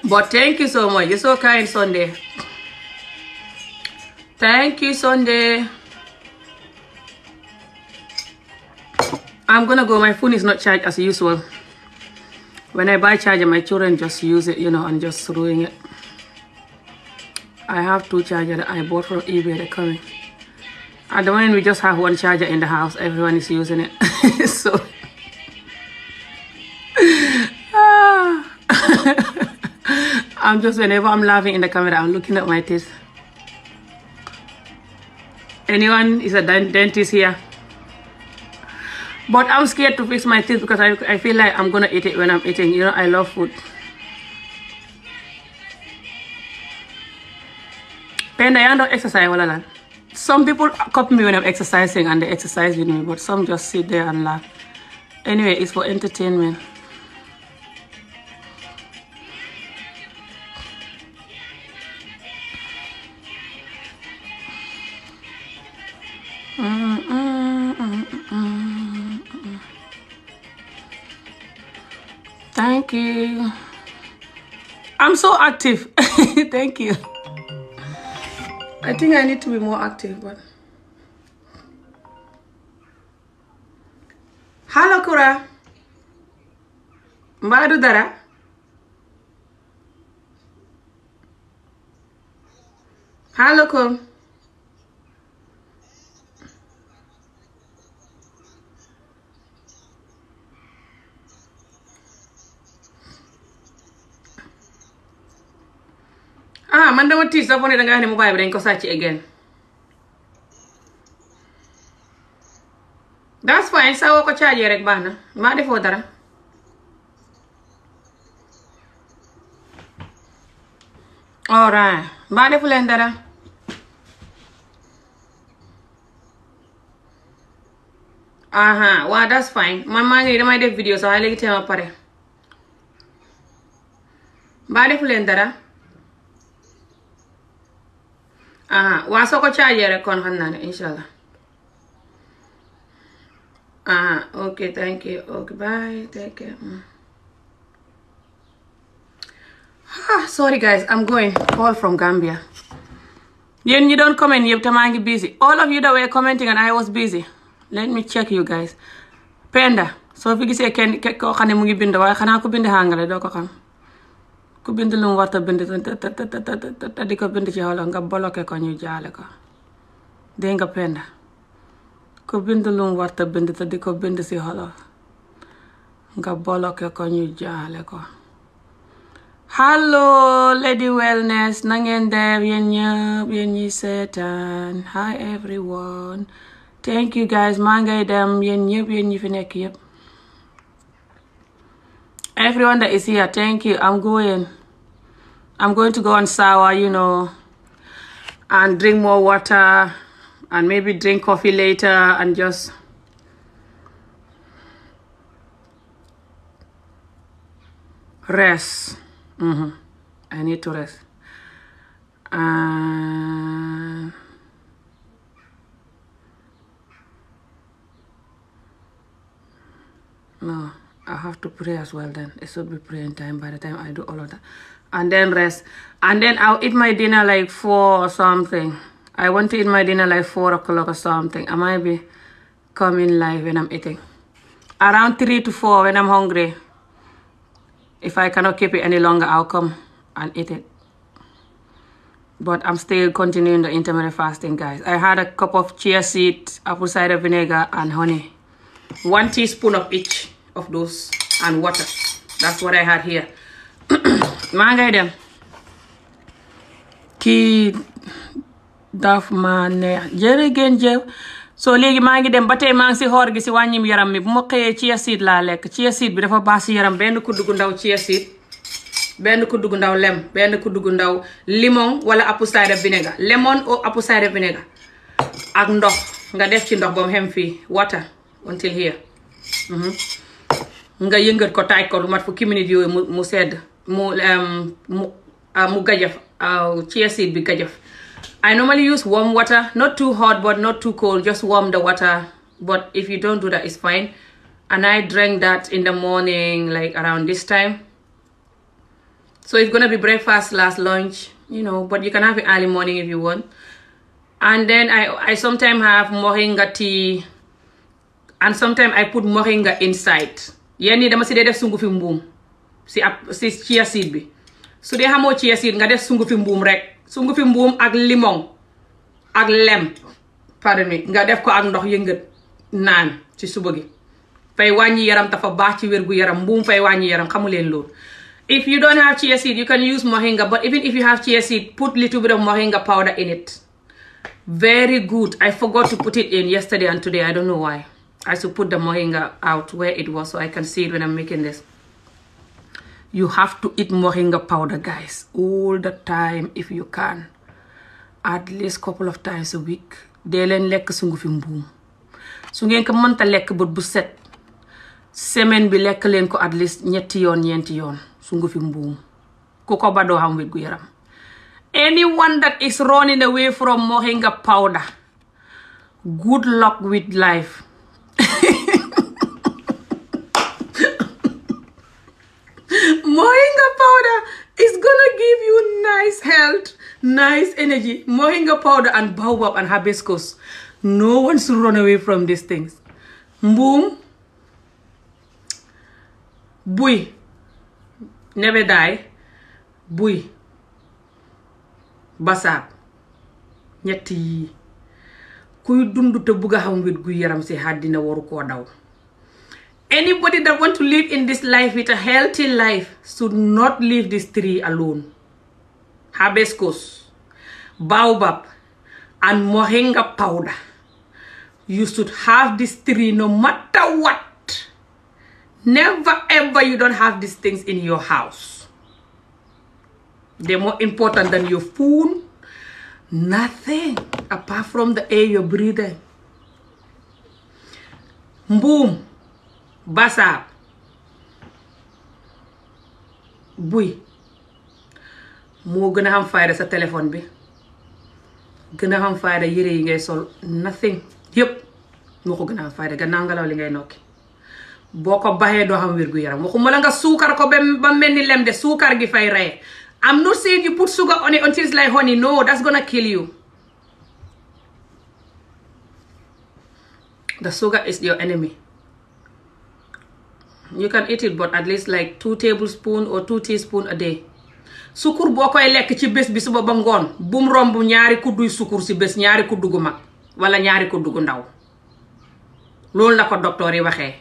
but thank you so much you're so kind Sunday thank you Sunday I'm gonna go my phone is not charged as usual when I buy charger my children just use it you know and just ruin it I have two charger that I bought from eBay they're coming at the moment we just have one charger in the house everyone is using it so ah. I'm just whenever I'm laughing in the camera I'm looking at my teeth anyone is a dentist here but I'm scared to fix my teeth because I, I feel like I'm gonna eat it when I'm eating you know I love food Penda, you don't exercise all Some people copy me when I'm exercising and they exercise with some just sit there and laugh. Anyway, it's for entertainment. Thank you. I'm so active. Thank you. I think I need to be more active, but. Hello, Kura. Mbadu Dara. Hello, Kura. man dama tiit sax foo ne danga wax ne mobile bi dañ ko sàcc again that's fine saa woo ko caajee rek baax na maa dara alright maa defu dara aha waa that's fine man maa ngi damay def sa sax waaye léegi teema pare maa defu leen dara ah waa soo ko chargé rek kon xam naa ne incha allah ah ok thank you ok bye take care mm. ah sorry guys I'm going call from Gambia. yéen ñi doon comment yëpp te maa ngi busy all of you that were commenting and I was busy let me check you guys. Penda soo fi gisee kenn koo xam ne mu ngi bind waaye xanaa ko bind hàngale doo ko xam. ku bind lu mu war a bind te te te di ko bind ci wolof nga bloqué ko ñu jaale ko dégg nga penda ku bind lu mu war a bind te di ko bind ci wolof nga bloqué ko ñu jaale ko hello lady wellness na ngeen def yéen ñëpp yéen ñi seetaan hi everyone thank you guys maa ngay dem yéen ñëpp yéen ñi fi nekk yëpp everyone that is here thank you I'm going I'm going to go on sour, you know, and drink more water and maybe drink coffee later and just rest. Mm-hmm. I need to rest. Uh, no, I have to pray as well then. It should be praying time by the time I do all of that. and then rest and then I'll eat my dinner like four or something I want to eat my dinner like four o'clock or something I might be coming live when I'm eating around three to four when I'm hungry if I cannot keep it any longer I'll come and eat it but I'm still continuing the intermittent fasting guys I had a cup of chia seed apple cider vinegar and honey one teaspoon of each of those and water that's what I had here maa ngay dem kii daf ma neex jërë ngeen jëf soo léegi maa ngi dem ba tey maa ngi si xoor gi si wàññim yaram mi bu ma këyee chia seed laa lekk chia seed bi dafa baax si yaram benn kuddu gu ndaw ci seed benn kuddu gu ndaw lem benn kuddu gu ndaw limon wala apple cider vinegar lemon ou apple cider vinegar ak ndox nga def ci ndox ba mu xem fii water until here mhm. nga yëngat ko taaj ko lu mat fukki minutes yooyu mu sedd mu mu ah, mu gajaf ah, seed bi gajaf I normally use warm water not too hot but not too cold just warm the water but if you don't do that it's fine and I drank that in the morning like around this time so it's gonna be breakfast last lunch you know but you can have it early morning if you want and then I I sometimes have moringa tea and sometimes I put moringa inside yenn yi dama si dee def sungu fi si ab si seed bi su dee xamoo chia seed nga def sungufi mbuum rek sungufi mbuum ak limon ak lem pardon mi nga def ko ak ndox yëngat naan ci suba gi fay wàññi yaram dafa baax ci wér yaram mbuum fay wàññi yaram xamu leen loolu if you don't have chia seed you can use moringa but even if you have chia seed put little bit of moringa powder in it very good i forgot to put it in yesterday and today i don't know why i should put the moringa out where you have to eat moringa powder guys all the time if you can at least couple of times a week dee leen lekk su fi mbuum su ngeen ko mënta lekk bët bu set semaine bi lekk leen ko at least ñetti yoon ñeenti yoon su fi mbuum ku ko ba xam wér gu yaram anyone that is running away from moringa powder good luck with life Moringa powder is gonna give you nice health, nice energy. Moringa powder and baobab and hibiscus. No one should run away from these things. Mboom. Bui. Never die. Bui. Basaab. ñett yii kuy dund te bugg xam wér gu yaram si àddina waru koo daw anybody that want to live in this life with a healthy life should not leave this tree alone hibiscus baobab and moringa powder you should have this tree no matter what never ever you don't have these things in your house they're more important than your food nothing apart from the air you're breathing basaab buy moo gën a am fayda sa téléphone bi gën a xam fayda yére yi ngay sol nothing yëpp moo ko gën a am fayda gannaaw ngelaw li ngay nokki boo ko baxee doo xam wér gu yaram waxuma la nga suukar ko ba mel ni lem de suukar gi fay rey I'm not saying you put sugar on it until it's like honey no that's gonna kill you the sugar is your enemy you can eat it but at least like two tablespoon or two teaspoon a day sukur boo koy lekk ci bés bi suba ba ngoon bum romb ñaari kudduy sukur si bés ñaari kuddu gu mag wala ñaari kuddu gu ndaw loolu la ko docteur yi waxee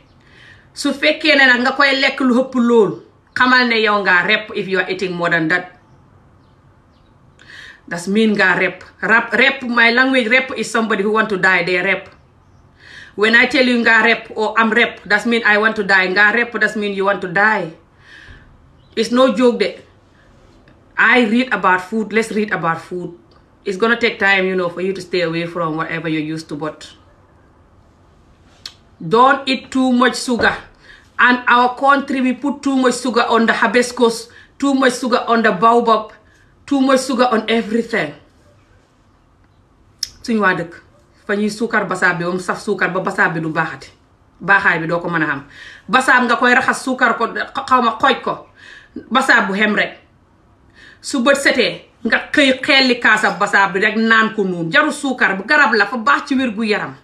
su fekkee ne nag nga koy lekk lu hëpp lool xamal ne yow ngaa rep if you are eating more than that das mean ngaa rep rap rep my language rep is somebody want to die they rep When I tell you nga rep or I'm rep, that mean I want to die. Nga rep, that mean you want to die. It's no joke that I read about food. Let's read about food. It's gonna take time, you know, for you to stay away from whatever you're used to, but don't eat too much sugar. And our country, we put too much sugar on the hibiscus, too much sugar on the baobab, too much sugar on everything. suñu waa dëkk fa ñuy suukar basaab bi ba saf suukar ba basaab bi du baaxati baaxaay bi doo ko mën a am basaab nga koy raxas suukar ko xaw ma xooj ko basaab bu xem rek su bët setee nga xëy xelli kaasab basaab bi rek naan ko noonu jaru suukar bu garab la fa baax ci wér gu yaram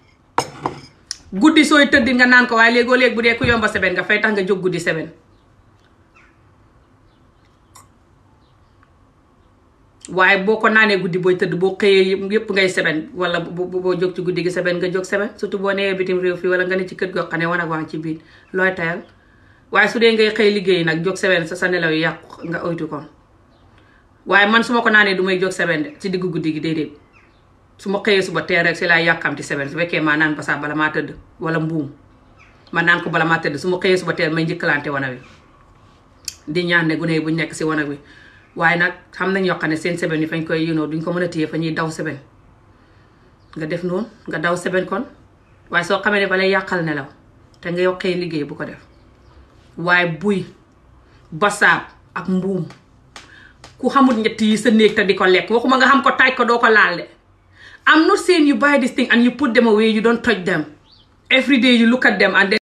guddi sooy tëddi nga naan ko waaye léegoo léeg bu dee ku yomba seben nga fay tax nga jóg guddi seben waaye boo ko naanee guddi booy tëdd boo xëyee yëpp ngay seben wala boo jóg ci guddi gi seben nga jog seben surtout boo newee bitim réew fii wala nga ne ci kër goo ne wan ak wan ci biir looy waaye su dee ngay liggéey nag jóg seben sa sa nelaw yi yàqu nga oytu ko waaye man su ma ko naanee du may jóg seben de ci diggu guddi gi déedéet su ma xëyee suba teel rek si laay yàkkamti seben su fekkee maa naan basaa bala maa tëdd wala mbuum ma naan ko bala maa tëdd su ma xëyee suba teel may njëkkalante wana wi di ñaan ne gune bu buñ nekk si wana wi waaye nag xam nañ yoo xam ne seen seben yi fañ koy yénoo duñ ko mën a téye fa ñuy daw seben nga def noonu nga daw seben kon waaye soo xamee ne fa lay yàqal nelaw te nga yow liggéey bu ko def waaye buy basaab ak mbuum ku xamul ñett yi sa néeg te di ko lekk waxuma nga xam ko taaj ko doo ko laal de I'm not saying you buy this thing and you put them away you don't touch them every day you look at and then